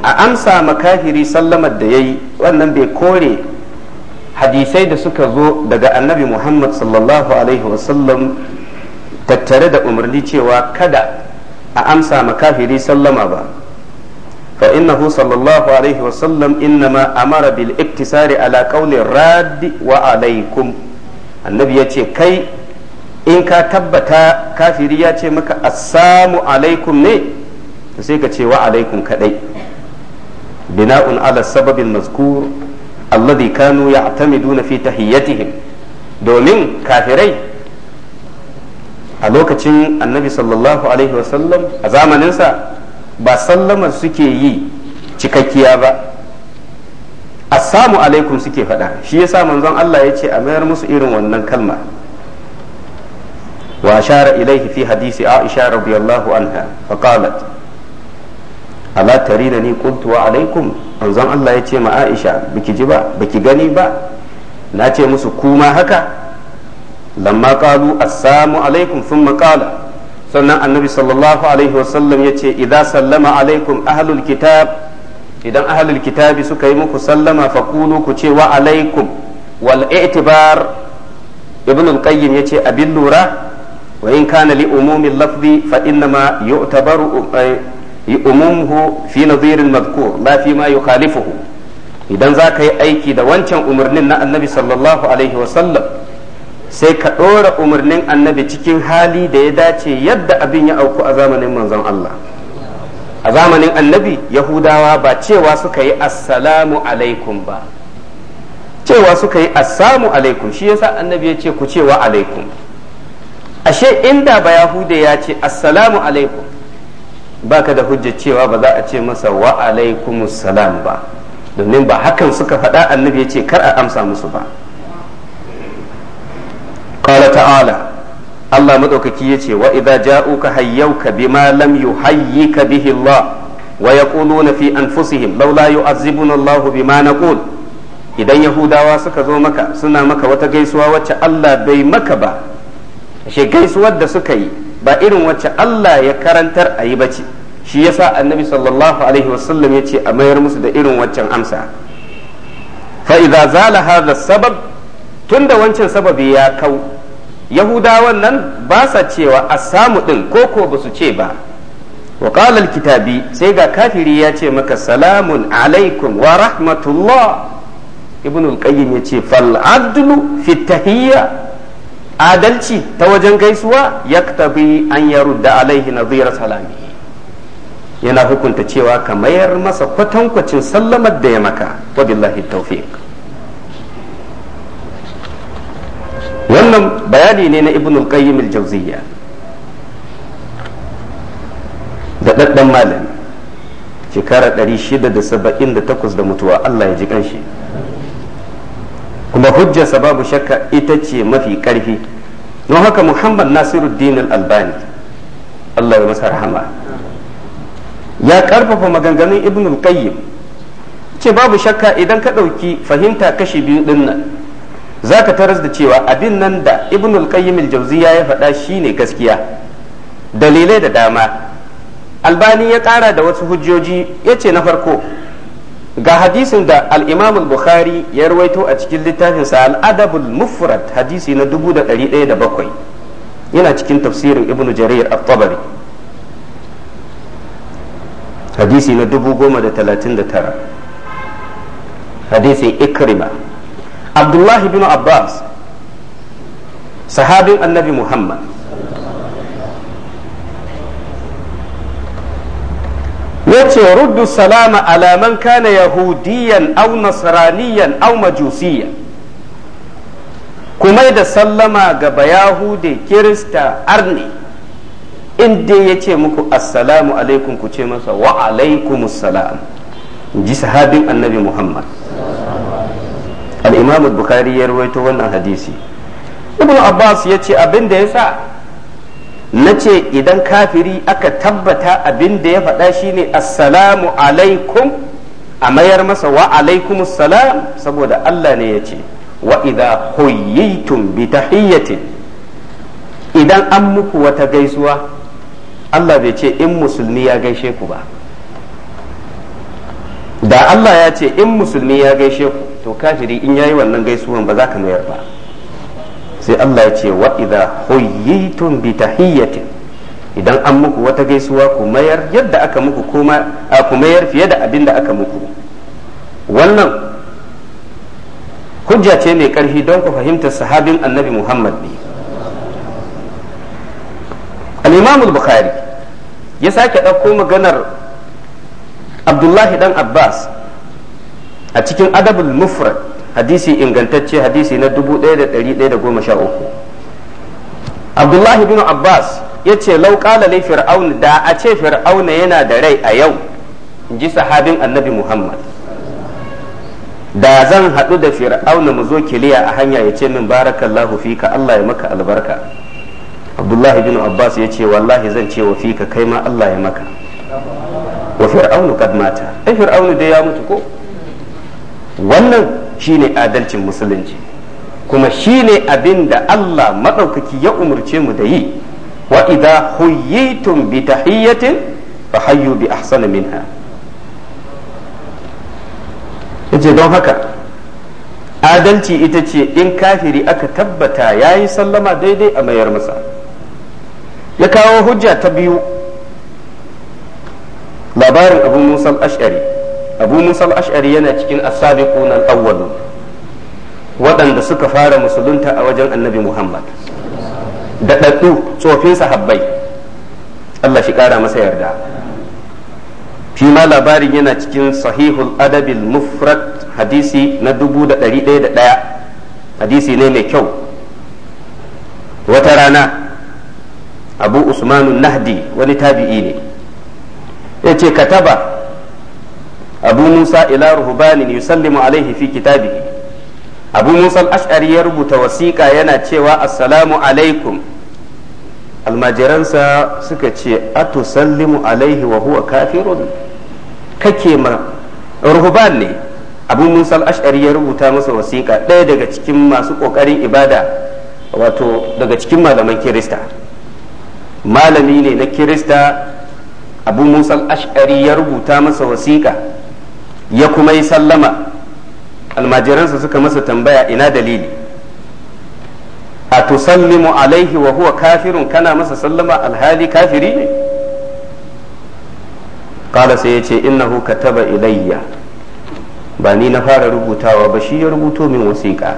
a amsa makahiri sallamar da ya yi wannan bai kore hadisai da suka zo daga annabi muhammad sallallahu alaihi wasallam tattare da umarni cewa kada a amsa makafiri sallama ba fa innahu sallallahu alaihi wa sallam innama amara bil iktisari ala qawli raddi wa alaikum annabi ya ce kai in ka tabbata kafiri ya ce maka assamu alaikum ne sai ka ce wa alaikum kadai bina'un ala sababin mazkur alladhi kanu ya'tamiduna fi tahiyyatihim domin kafirai a lokacin annabi sallallahu alaihi wasallam a zamaninsa ba sallamar suke yi cikakkiya ba assamu alaikum suke faɗa shi yasa manzon Allah ya ce a mayar musu irin wannan kalma wa ashara ilaihi fi hadisi aisha radiyallahu anha fa qalat ala tarina ni qultu wa alaikum manzon Allah ya ce ma aisha biki ji ba biki gani ba na ce musu kuma haka lamma qalu assalamu alaikum thumma qala sannan annabi sallallahu alaihi wasallam yace idza sallama alaikum ahlul kitab idan ahlul kitabi suka yi muku sallama faqulu ku ce wa alaikum wal i'tibar ibn al yace abin lura wa in kana li umumi lafzi fa inna ma yu'tabaru eh, umumuhu fi nadhir al-madhkur la fi ma yukhalifuhu idan za ka yi aiki da wancan umarnin na annabi sallallahu alaihi sai ka ɗora umarnin annabi cikin hali da ya dace yadda abin ya auku a zamanin manzon Allah a zamanin annabi yahudawa ba cewa suka yi assalamu alaikum ba cewa suka yi assalamu alaikum shi yasa annabi ya ce ku cewa alaikum ashe inda ba yahude ya ce assalamu alaikum ba ka da hujja cewa ba za a ce masa wa alaikum salam ba domin ba hakan suka faɗa annabi ya ce kar a amsa musu ba qala ta'ala Allah madaukaki yace wa idza ja'uka hayyuka bima lam yuhayyika bihi Allah wa yaquluna fi anfusihim laula yu'azzibuna Allah bima naqul idan yahudawa suka zo maka suna maka wata gaisuwa wacce Allah bai maka ba shi gaisuwar da suka yi ba irin wacce Allah ya karantar a yi bace shi yasa annabi sallallahu alaihi wasallam ya ce a mayar musu da irin waccan amsa fa idza zala hadha sabab tunda wancan sababi ya kau yahudawan nan ba sa cewa a samu ɗin ko ko ba su ce ba wa kitabi sai ga kafiri ya ce maka salamun alaikum wa rahmatullah ibn al ya ce fal adlu fi adalci ta wajen gaisuwa ya yaktabi an yarudda alaihi nadhira salami yana hukunta cewa ka mayar masa kwatankwacin sallamar da ya maka wa billahi tawfiq wannan bayani ne na ibn al-qayyim al-jawziyya da daddan malami shekara 678 da mutuwa Allah ya ji kanshi kuma hujjarsa babu shakka ita ce mafi karfi don haka muhammad nasiruddin al-albani Allah ya masa rahama ya karfafa maganganun ibn al-qayyim ce babu shakka idan ka ɗauki fahimta kashi biyu dinnan za ka taras da cewa abin nan da ibnul qayyim al-jawziya ya faɗa shine gaskiya dalilai da dama albani ya ƙara da wasu hujjoji ya ce na farko ga hadisin da al-imam al-bukhari ya rawaito a cikin littafinsa al-adabul mufrad hadisi na 1107 yana cikin tafsirin ibnu jarir at-tabari hadisi na 1039 hadisin ikrima abdullahi bin abbas sahabin annabi muhammad ya ce ruddu salama alaman kana yahudiyan au nasraniyan au majusiyan kuma da sallama ga bayahude kirista arne inda yace ya ce muku assalamu alaikum ku ce masa wa alaikumus salam ji sahabin annabi muhammad al-imam al-bukhari ya rawaito wannan hadisi ibn abbas ya ce abin da ya sa na ce idan kafiri aka tabbata abin da ya faɗa shine assalamu alaikum a mayar masa wa alaikum salam saboda Allah ne ya ce wa idan hoyitun bi tahiyyatin idan an muku wata gaisuwa Allah bai ce in musulmi ya gaishe ku ba da Allah ya ce in musulmi ya gaishe ku to kafiri in yayi wannan gaisuwan ba za ka mayar ba sai Allah ya ce wa idza huyitum bi tahiyyatin idan an muku wata gaisuwa ku mayar yadda aka muku kuma a ku mayar fiye da abin da aka muku wannan hujja ce mai karfi don ku fahimtar sahabin annabi Muhammad ne al-Imam al-Bukhari ya sake ɗauko maganar Abdullahi dan Abbas a cikin adabul mufrad hadisi ingantacce hadisi na 1113 abdullahi bin abbas ya ce lauƙala ne fir'aun da a ce fir'auna yana da rai a yau in ji sahabin annabi muhammad da zan haɗu da fir'auna mu zo kiliya a hanya ya ce min barakallahu fika allah ya maka albarka abdullahi bin abbas ya ce wallahi zan ce wa fika kai ma allah ya maka wa fir'aunu kad mata ai fir'aunu dai ya mutu ko wannan shine adalcin musulunci kuma shine abin da Allah maɗaukaki ya umarce mu da yi wa idza huyyitum bi tahiyyatin fa hayyu bi ahsana minha yace don haka adalci ita ce in kafiri aka tabbata ya yi sallama daidai a mayar masa ya kawo hujja ta biyu labarin abin musal ash'ari abu al ash'ari yana cikin as-sabiqun al-awwal waɗanda suka fara musulunta a wajen annabi muhammad da ɗaɗɗu tsofin sahabbai Allah shi ƙara masa yarda fi ma labarin yana cikin sahihul adabil mufrad hadisi na dubu da ɗaya da ɗaya hadisi ne mai kyau wata rana abu usmanu nahdi wani tabi'i ne yace ce kataba abu musa ila ruhbanin yusallimu alaihi fi kitabihi abu musa al-ash'ari ya rubuta wasiƙa yana cewa assalamu alaikum almajiransa suka ce atusallimu alaihi wa huwa kafirun kake ma ruhban ne abu musa al-ash'ari ya rubuta masa wasiƙa ɗaya daga cikin masu ƙoƙarin ibada wato daga cikin malaman kirista malami ne na kirista abu musa al-ash'ari ya rubuta masa wasiƙa ya kuma yi sallama almajiransa suka masa tambaya ina dalili a tusallimu alaihi wa huwa kafirun kana masa sallama alhali kafiri ne kala sai ya ce innahu kataba ilayya ba ni na fara rubutawa ba shi ya rubuto min wasiƙa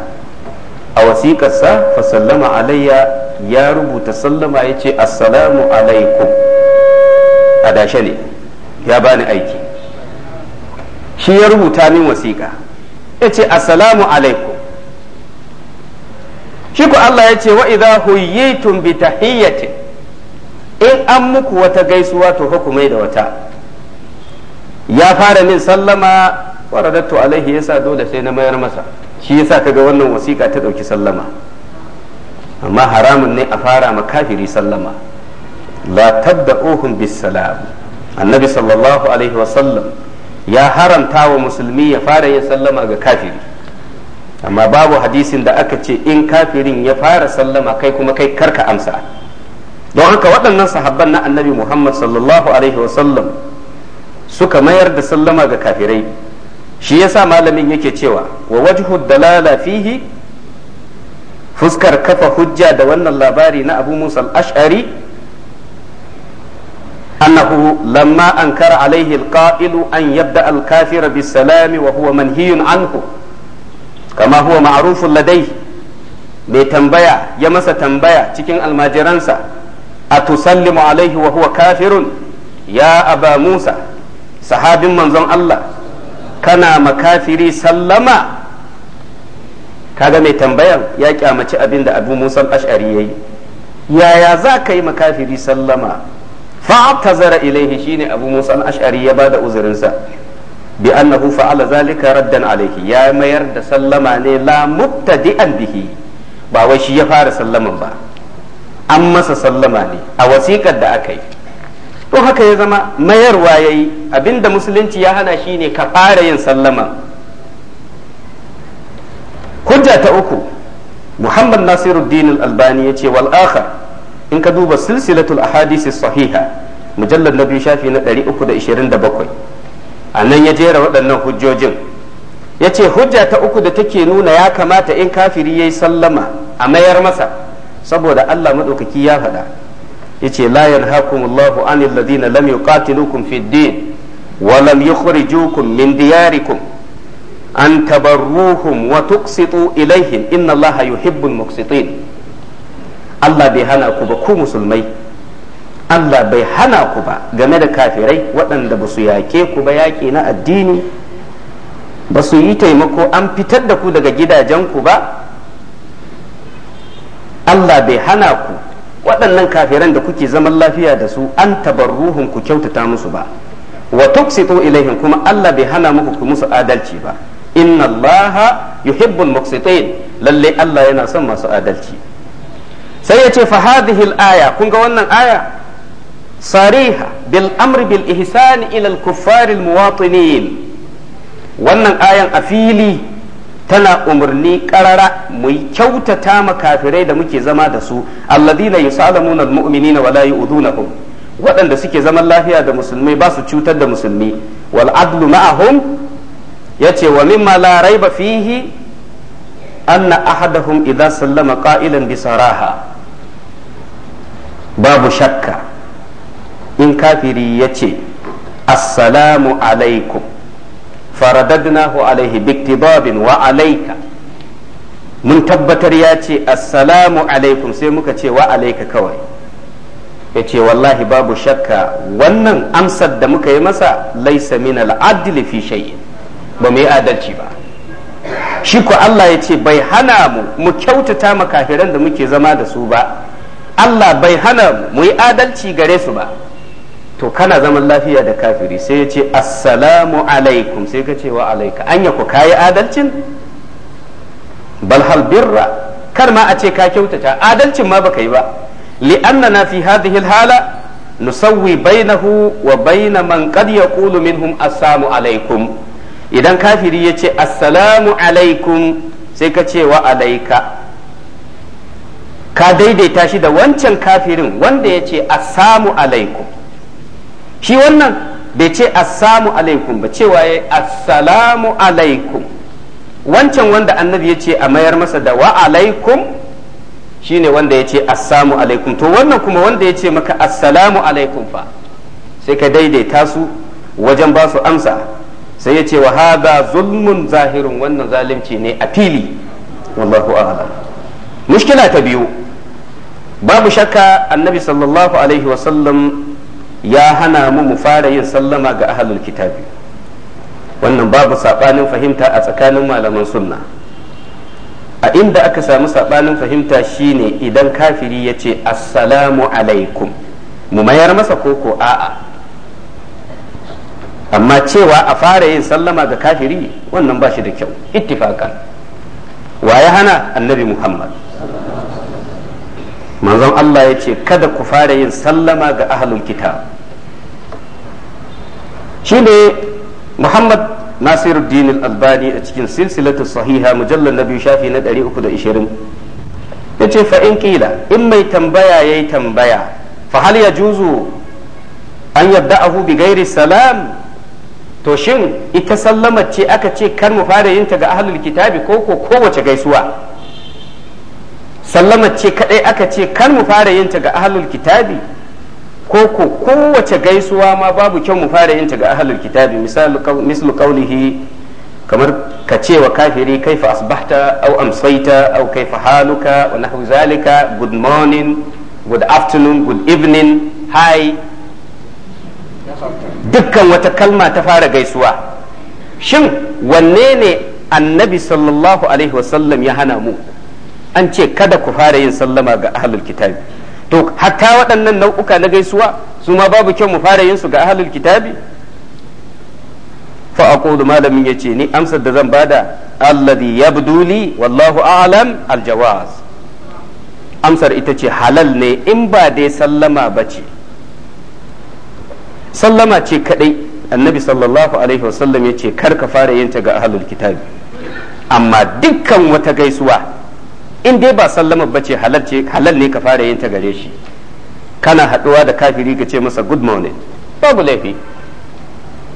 a wasiƙarsa fa sallama alayya ya rubuta sallama ya ce assalamu alaikum a dashe ne ya bani aiki shi ya rubuta min wasiƙa ya ce assalamu alaikum shi ku Allah ya ce wa idza huyyitum bi tahiyyatin in an muku wata gaisuwa to hukumai da wata ya fara min sallama waradattu alaihi yasa dole sai na mayar masa shi yasa kaga wannan wasiƙa ta ɗauki sallama amma haramun ne a fara ma kafiri sallama la tabda'uhum bis salam annabi sallallahu alaihi wa sallam ya haramta wa musulmi ya fara yin sallama ga kafiri amma babu hadisin da aka ce in kafirin ya fara sallama kai kuma kai karka amsa don haka waɗannan sahabban na annabi muhammad sallallahu alaihi wasallam suka mayar da sallama ga kafirai shi yasa malamin yake cewa wa wajhu dalala fihi fuskar kafa hujja da wannan labari na abu musal ashari أنه لما أنكر عليه القائل أن يبدأ الكافر بالسلام وهو منهي عنه كما هو معروف لديه mai tambaya ya masa tambaya cikin almajiransa a tusallimu alaihi wa huwa kafirun ya aba musa sahabin manzon Allah kana makafiri sallama kaga mai tambayan ya kyamaci abin da abu musa ash'ari ya yi yaya za ka yi makafiri sallama fa'tazara ilaihi shine abu musa al-ash'ari ya bada uzurinsa bi annahu fa'ala zalika raddan alaihi ya mayar da sallama ne la mubtadi'an bihi ba wai shi ya fara sallaman ba an masa sallama ne a wasikar da aka yi to haka ya zama mayarwa yayi abinda musulunci ya hana shine ka fara yin sallama hujja ta uku muhammad nasiruddin al-albani yace wal akhar in ka duba silsilatul ahadisi sahiha mujallar na biyu shafi na 327 a nan ya jera waɗannan hujjojin ya ce hujja ta uku da take nuna ya kamata in kafiri ya yi sallama a mayar masa saboda allah maɗaukaki ya faɗa ya ce la yanhakumullahu an ladina lam yuqatilukum fid fiddin walam lam yukhrijukum min diyarikum an tabarruhum wa tuqsitu ilaihim inna allaha yuhibbul muqsitin Allah bai hana ku ba ku musulmai Allah bai hana ku ba game da kafirai waɗanda ba su yaƙe ku ba yaƙi na addini ba su yi taimako an fitar da ku daga gidajenku ba Allah bai hana ku waɗannan kafiran da kuke zaman lafiya da su an ruhun ku kyautata musu ba wa tuksitu ilaihim kuma Allah bai hana muku ku musu adalci ba inna Allah yuhibbul muqsitin lalle Allah yana son masu adalci sai ya ce fa hadhihi aya kun ga wannan aya sariha bil amri bil ihsani ila al kuffar al muwatinin wannan ayan a fili tana umarni karara mu kyautata makafirai da muke zama da su alladina yusalamuna al mu'minina wala yu'dunahum waɗanda suke zaman lafiya da musulmai ba su cutar da musulmi wal adlu ma'ahum yace wa mimma la raiba fihi anna ahadahum idza sallama qa'ilan bi saraha babu shakka in kafiri ya ce assalamu alaikum faradadnahu alaihi biktibabin wa alaika mun tabbatar ya ce assalamu alaikum sai muka ce wa alaika kawai ya ce wallahi babu shakka wannan amsar da muka yi masa laisa min al'adili fi shay'in ba mu yi adalci ba shi ko Allah ya ce bai hana mu mu kyautata makafiran da muke zama da su ba Allah bai hana mu mu yi adalci gare su ba to kana zaman lafiya da kafiri sai ya ce assalamu alaikum sai ka ce wa alaika anya ku kayi adalcin bal hal birra kar ma a ce ka kyautata adalcin ma baka yi ba na fi hadhihi hala nusawwi bainahu wa baina man qad yaqulu minhum assalamu alaikum idan kafiri ya ce assalamu alaikum sai ka ce wa alaika ka daidaita shi da wancan kafirin wanda ya ce assamu alaikum shi wannan bai ce assamu alaikum ba cewa ya assalamu alaikum wancan wanda annabi ya ce a mayar masa da wa alaikum shi ne wanda ya ce assamu alaikum to wannan kuma wanda ya ce maka assalamu alaikum fa sai ka daidaita su wajen ba su amsa sai ya ce wa hada zulmun zahirin wannan zalunci ne a fili wallahu a'lam mushkila ta biyu babu shakka annabi sallallahu alaihi wasallam ya hana mu mu fara yin sallama ga ahlul kitabi wannan babu sabanin fahimta a tsakanin malaman sunna a inda aka samu sabanin fahimta shine idan kafiri ya ce assalamu alaikum mu mayar masa koko a'a amma cewa a fara yin sallama ga kafiri wannan ba shi da kyau ittifaqan wa ya hana annabi muhammad manzon Allah ya ce kada ku fara yin sallama ga ahlul kitab shine muhammad nasiruddin al-albani a cikin silsilatu sahiha mujallar na shafi na 320 ya ce fa in kila in mai tambaya yayi tambaya fa hal ya an yarda a bi gairi salam to shin ita sallama ce aka ce kar mu fara yin ta ga ahlul kitabi ko ko kowace gaisuwa sallama ce kadai aka ce kar mu fara yin ta ga ahlul kitabi ko ko kowace gaisuwa ma babu kyau mu fara yin ta ga ahlul kitabi misal qawlihi kamar ka ce wa kafiri kaifa asbahta aw amsayta aw kaifa haluka wa nahwu zalika good morning good afternoon good evening hi dukkan wata kalma ta fara gaisuwa shin wanne ne annabi sallallahu alaihi wasallam ya hana mu an ce kada ku fara yin sallama ga ahlul kitabi to hatta waɗannan nau'uka na gaisuwa su ma babu kyau mu fara yin su ga ahlul kitabi fa aqulu malamin yace ni amsar da zan bada alladhi yabduli wallahu a'lam aljawaz amsar ita ce halal ne in ba dai sallama bace sallama ce kadai annabi sallallahu alaihi wasallam ya ce kar ka fara yin ta ga ahlul kitabi amma dukkan wata gaisuwa in dai ba sallama bace halal ce halal ne ka fara yin ta gare shi kana haɗuwa da kafiri ka ce masa good morning babu laifi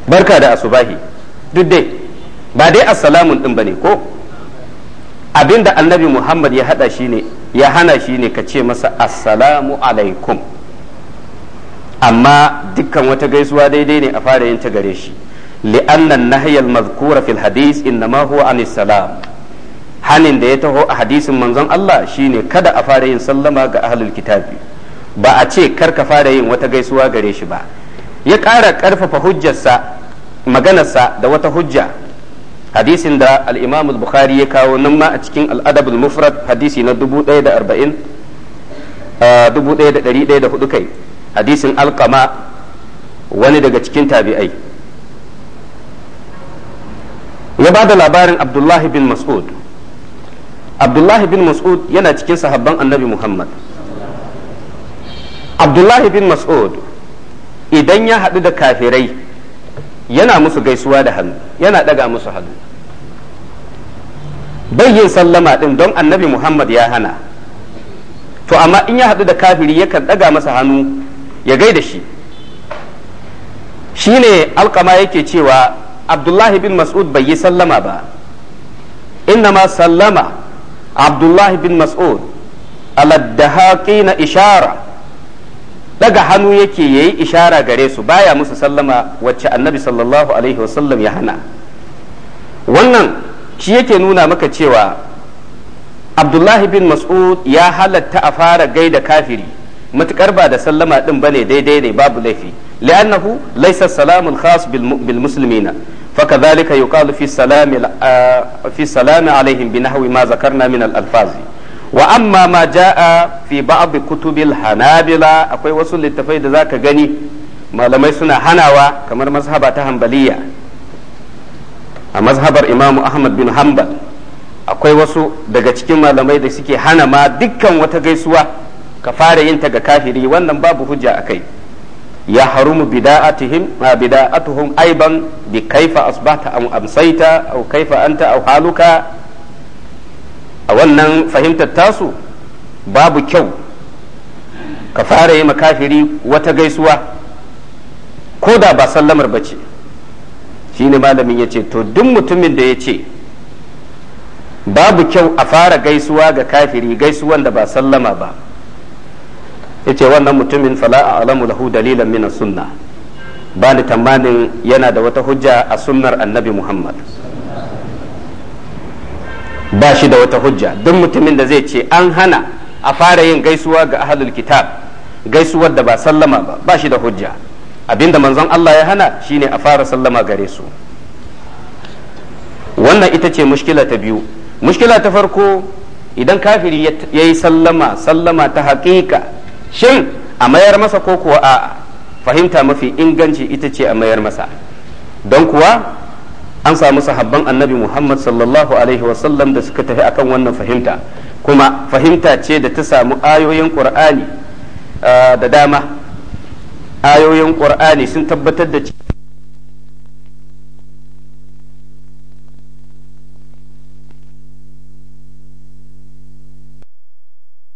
barka da asubahi duk dai ba dai assalamun din bane ko abinda annabi muhammad ya hada shi ne ya hana shi ne ka ce masa assalamu alaikum amma dukkan wata gaisuwa daidai ne a fara yin ta gare shi li'annan nahiyal mazkura fil hadis innama huwa anis salam hanin da ya taho a hadisin manzon Allah shine kada a fara yin sallama ga ahlul kitabi ba a ce kar ka fara yin wata gaisuwa gare shi ba ya ƙara ƙarfafa hujjarsa maganarsa da wata hujja hadisin da al-Imam al-Bukhari ya kawo nan ma a cikin al-Adab al-Mufrad hadisi na 1040 1104 ah, kai hadisin alkama wani daga cikin tabi'ai ya ba da labarin abdullahi bin mas'ud abdullahi bin mas'ud yana cikin sahabban annabi muhammad abdullahi bin mas'ud idan ya haɗu da kafirai yana musu gaisuwa da hannu yana ɗaga musu hannu bai yin sallama ɗin don annabi muhammad ya hana to amma in ya haɗu da kafiri yakan ɗaga masa hannu ya gaida shi shi ne alkama yake cewa abdullahi bin mas'ud bai yi sallama ba innama sallama abdullahi bin mas'ud aladdahaki na ishara daga hannu yake yayi ishara gare su baya musu sallama wacce annabi sallallahu alaihi wasallam ya hana wannan shi yake nuna maka cewa abdullahi bin mas'ud ya halatta a fara gaida kafiri matukar ba da sallama din bane daidai ne babu laifi li'annahu laysa salamul khas bil muslimina fakadhalika yuqalu fi salami fi salami alaihim bi nahwi ma zakarna min al alfaz wa amma ma jaa fi ba'd kutubil hanabila akwai wasu littafai da zaka gani malamai suna hanawa kamar mazhaba ta hanbaliya a mazhabar imamu ahmad bin hanbal akwai wasu daga cikin malamai da suke hana ma dukkan wata gaisuwa ka fara yin ta ga kafiri wannan babu hujja a kai ya harumu bida'atihim bida'atuhum aiban bi kaifa asbata am amsaita aw kaifa anta aw haluka a wannan fahimtar tasu babu kyau ka fara yi makafiri wata gaisuwa ko da ba sallamar ba ce shi ne malamin ya ce to duk mutumin da ya ce babu kyau a fara gaisuwa ga kafiri gaisuwan da ba sallama ba yace wannan mutumin fala a'lamu lahu dalilan min sunna ba ni tamanin yana da wata hujja a sunnar annabi Muhammad ba shi da wata hujja duk mutumin da zai ce an hana a fara yin gaisuwa ga ahlul kitab gaisuwar da ba sallama ba ba shi da hujja abinda manzon Allah ya hana shine a fara sallama gare su wannan ita ce mushkila ta biyu mushkila ta farko idan kafiri ya yi sallama sallama ta haƙiƙa shin a mayar masa ko kuwa a fahimta mafi inganci ita ce a mayar masa don kuwa an samu sahabban annabi muhammad sallallahu alaihi wasallam da suka tafi akan wannan fahimta kuma fahimta ce da ta samu ayoyin qur'ani ah, da dama ayoyin qur'ani sun tabbatar da cewa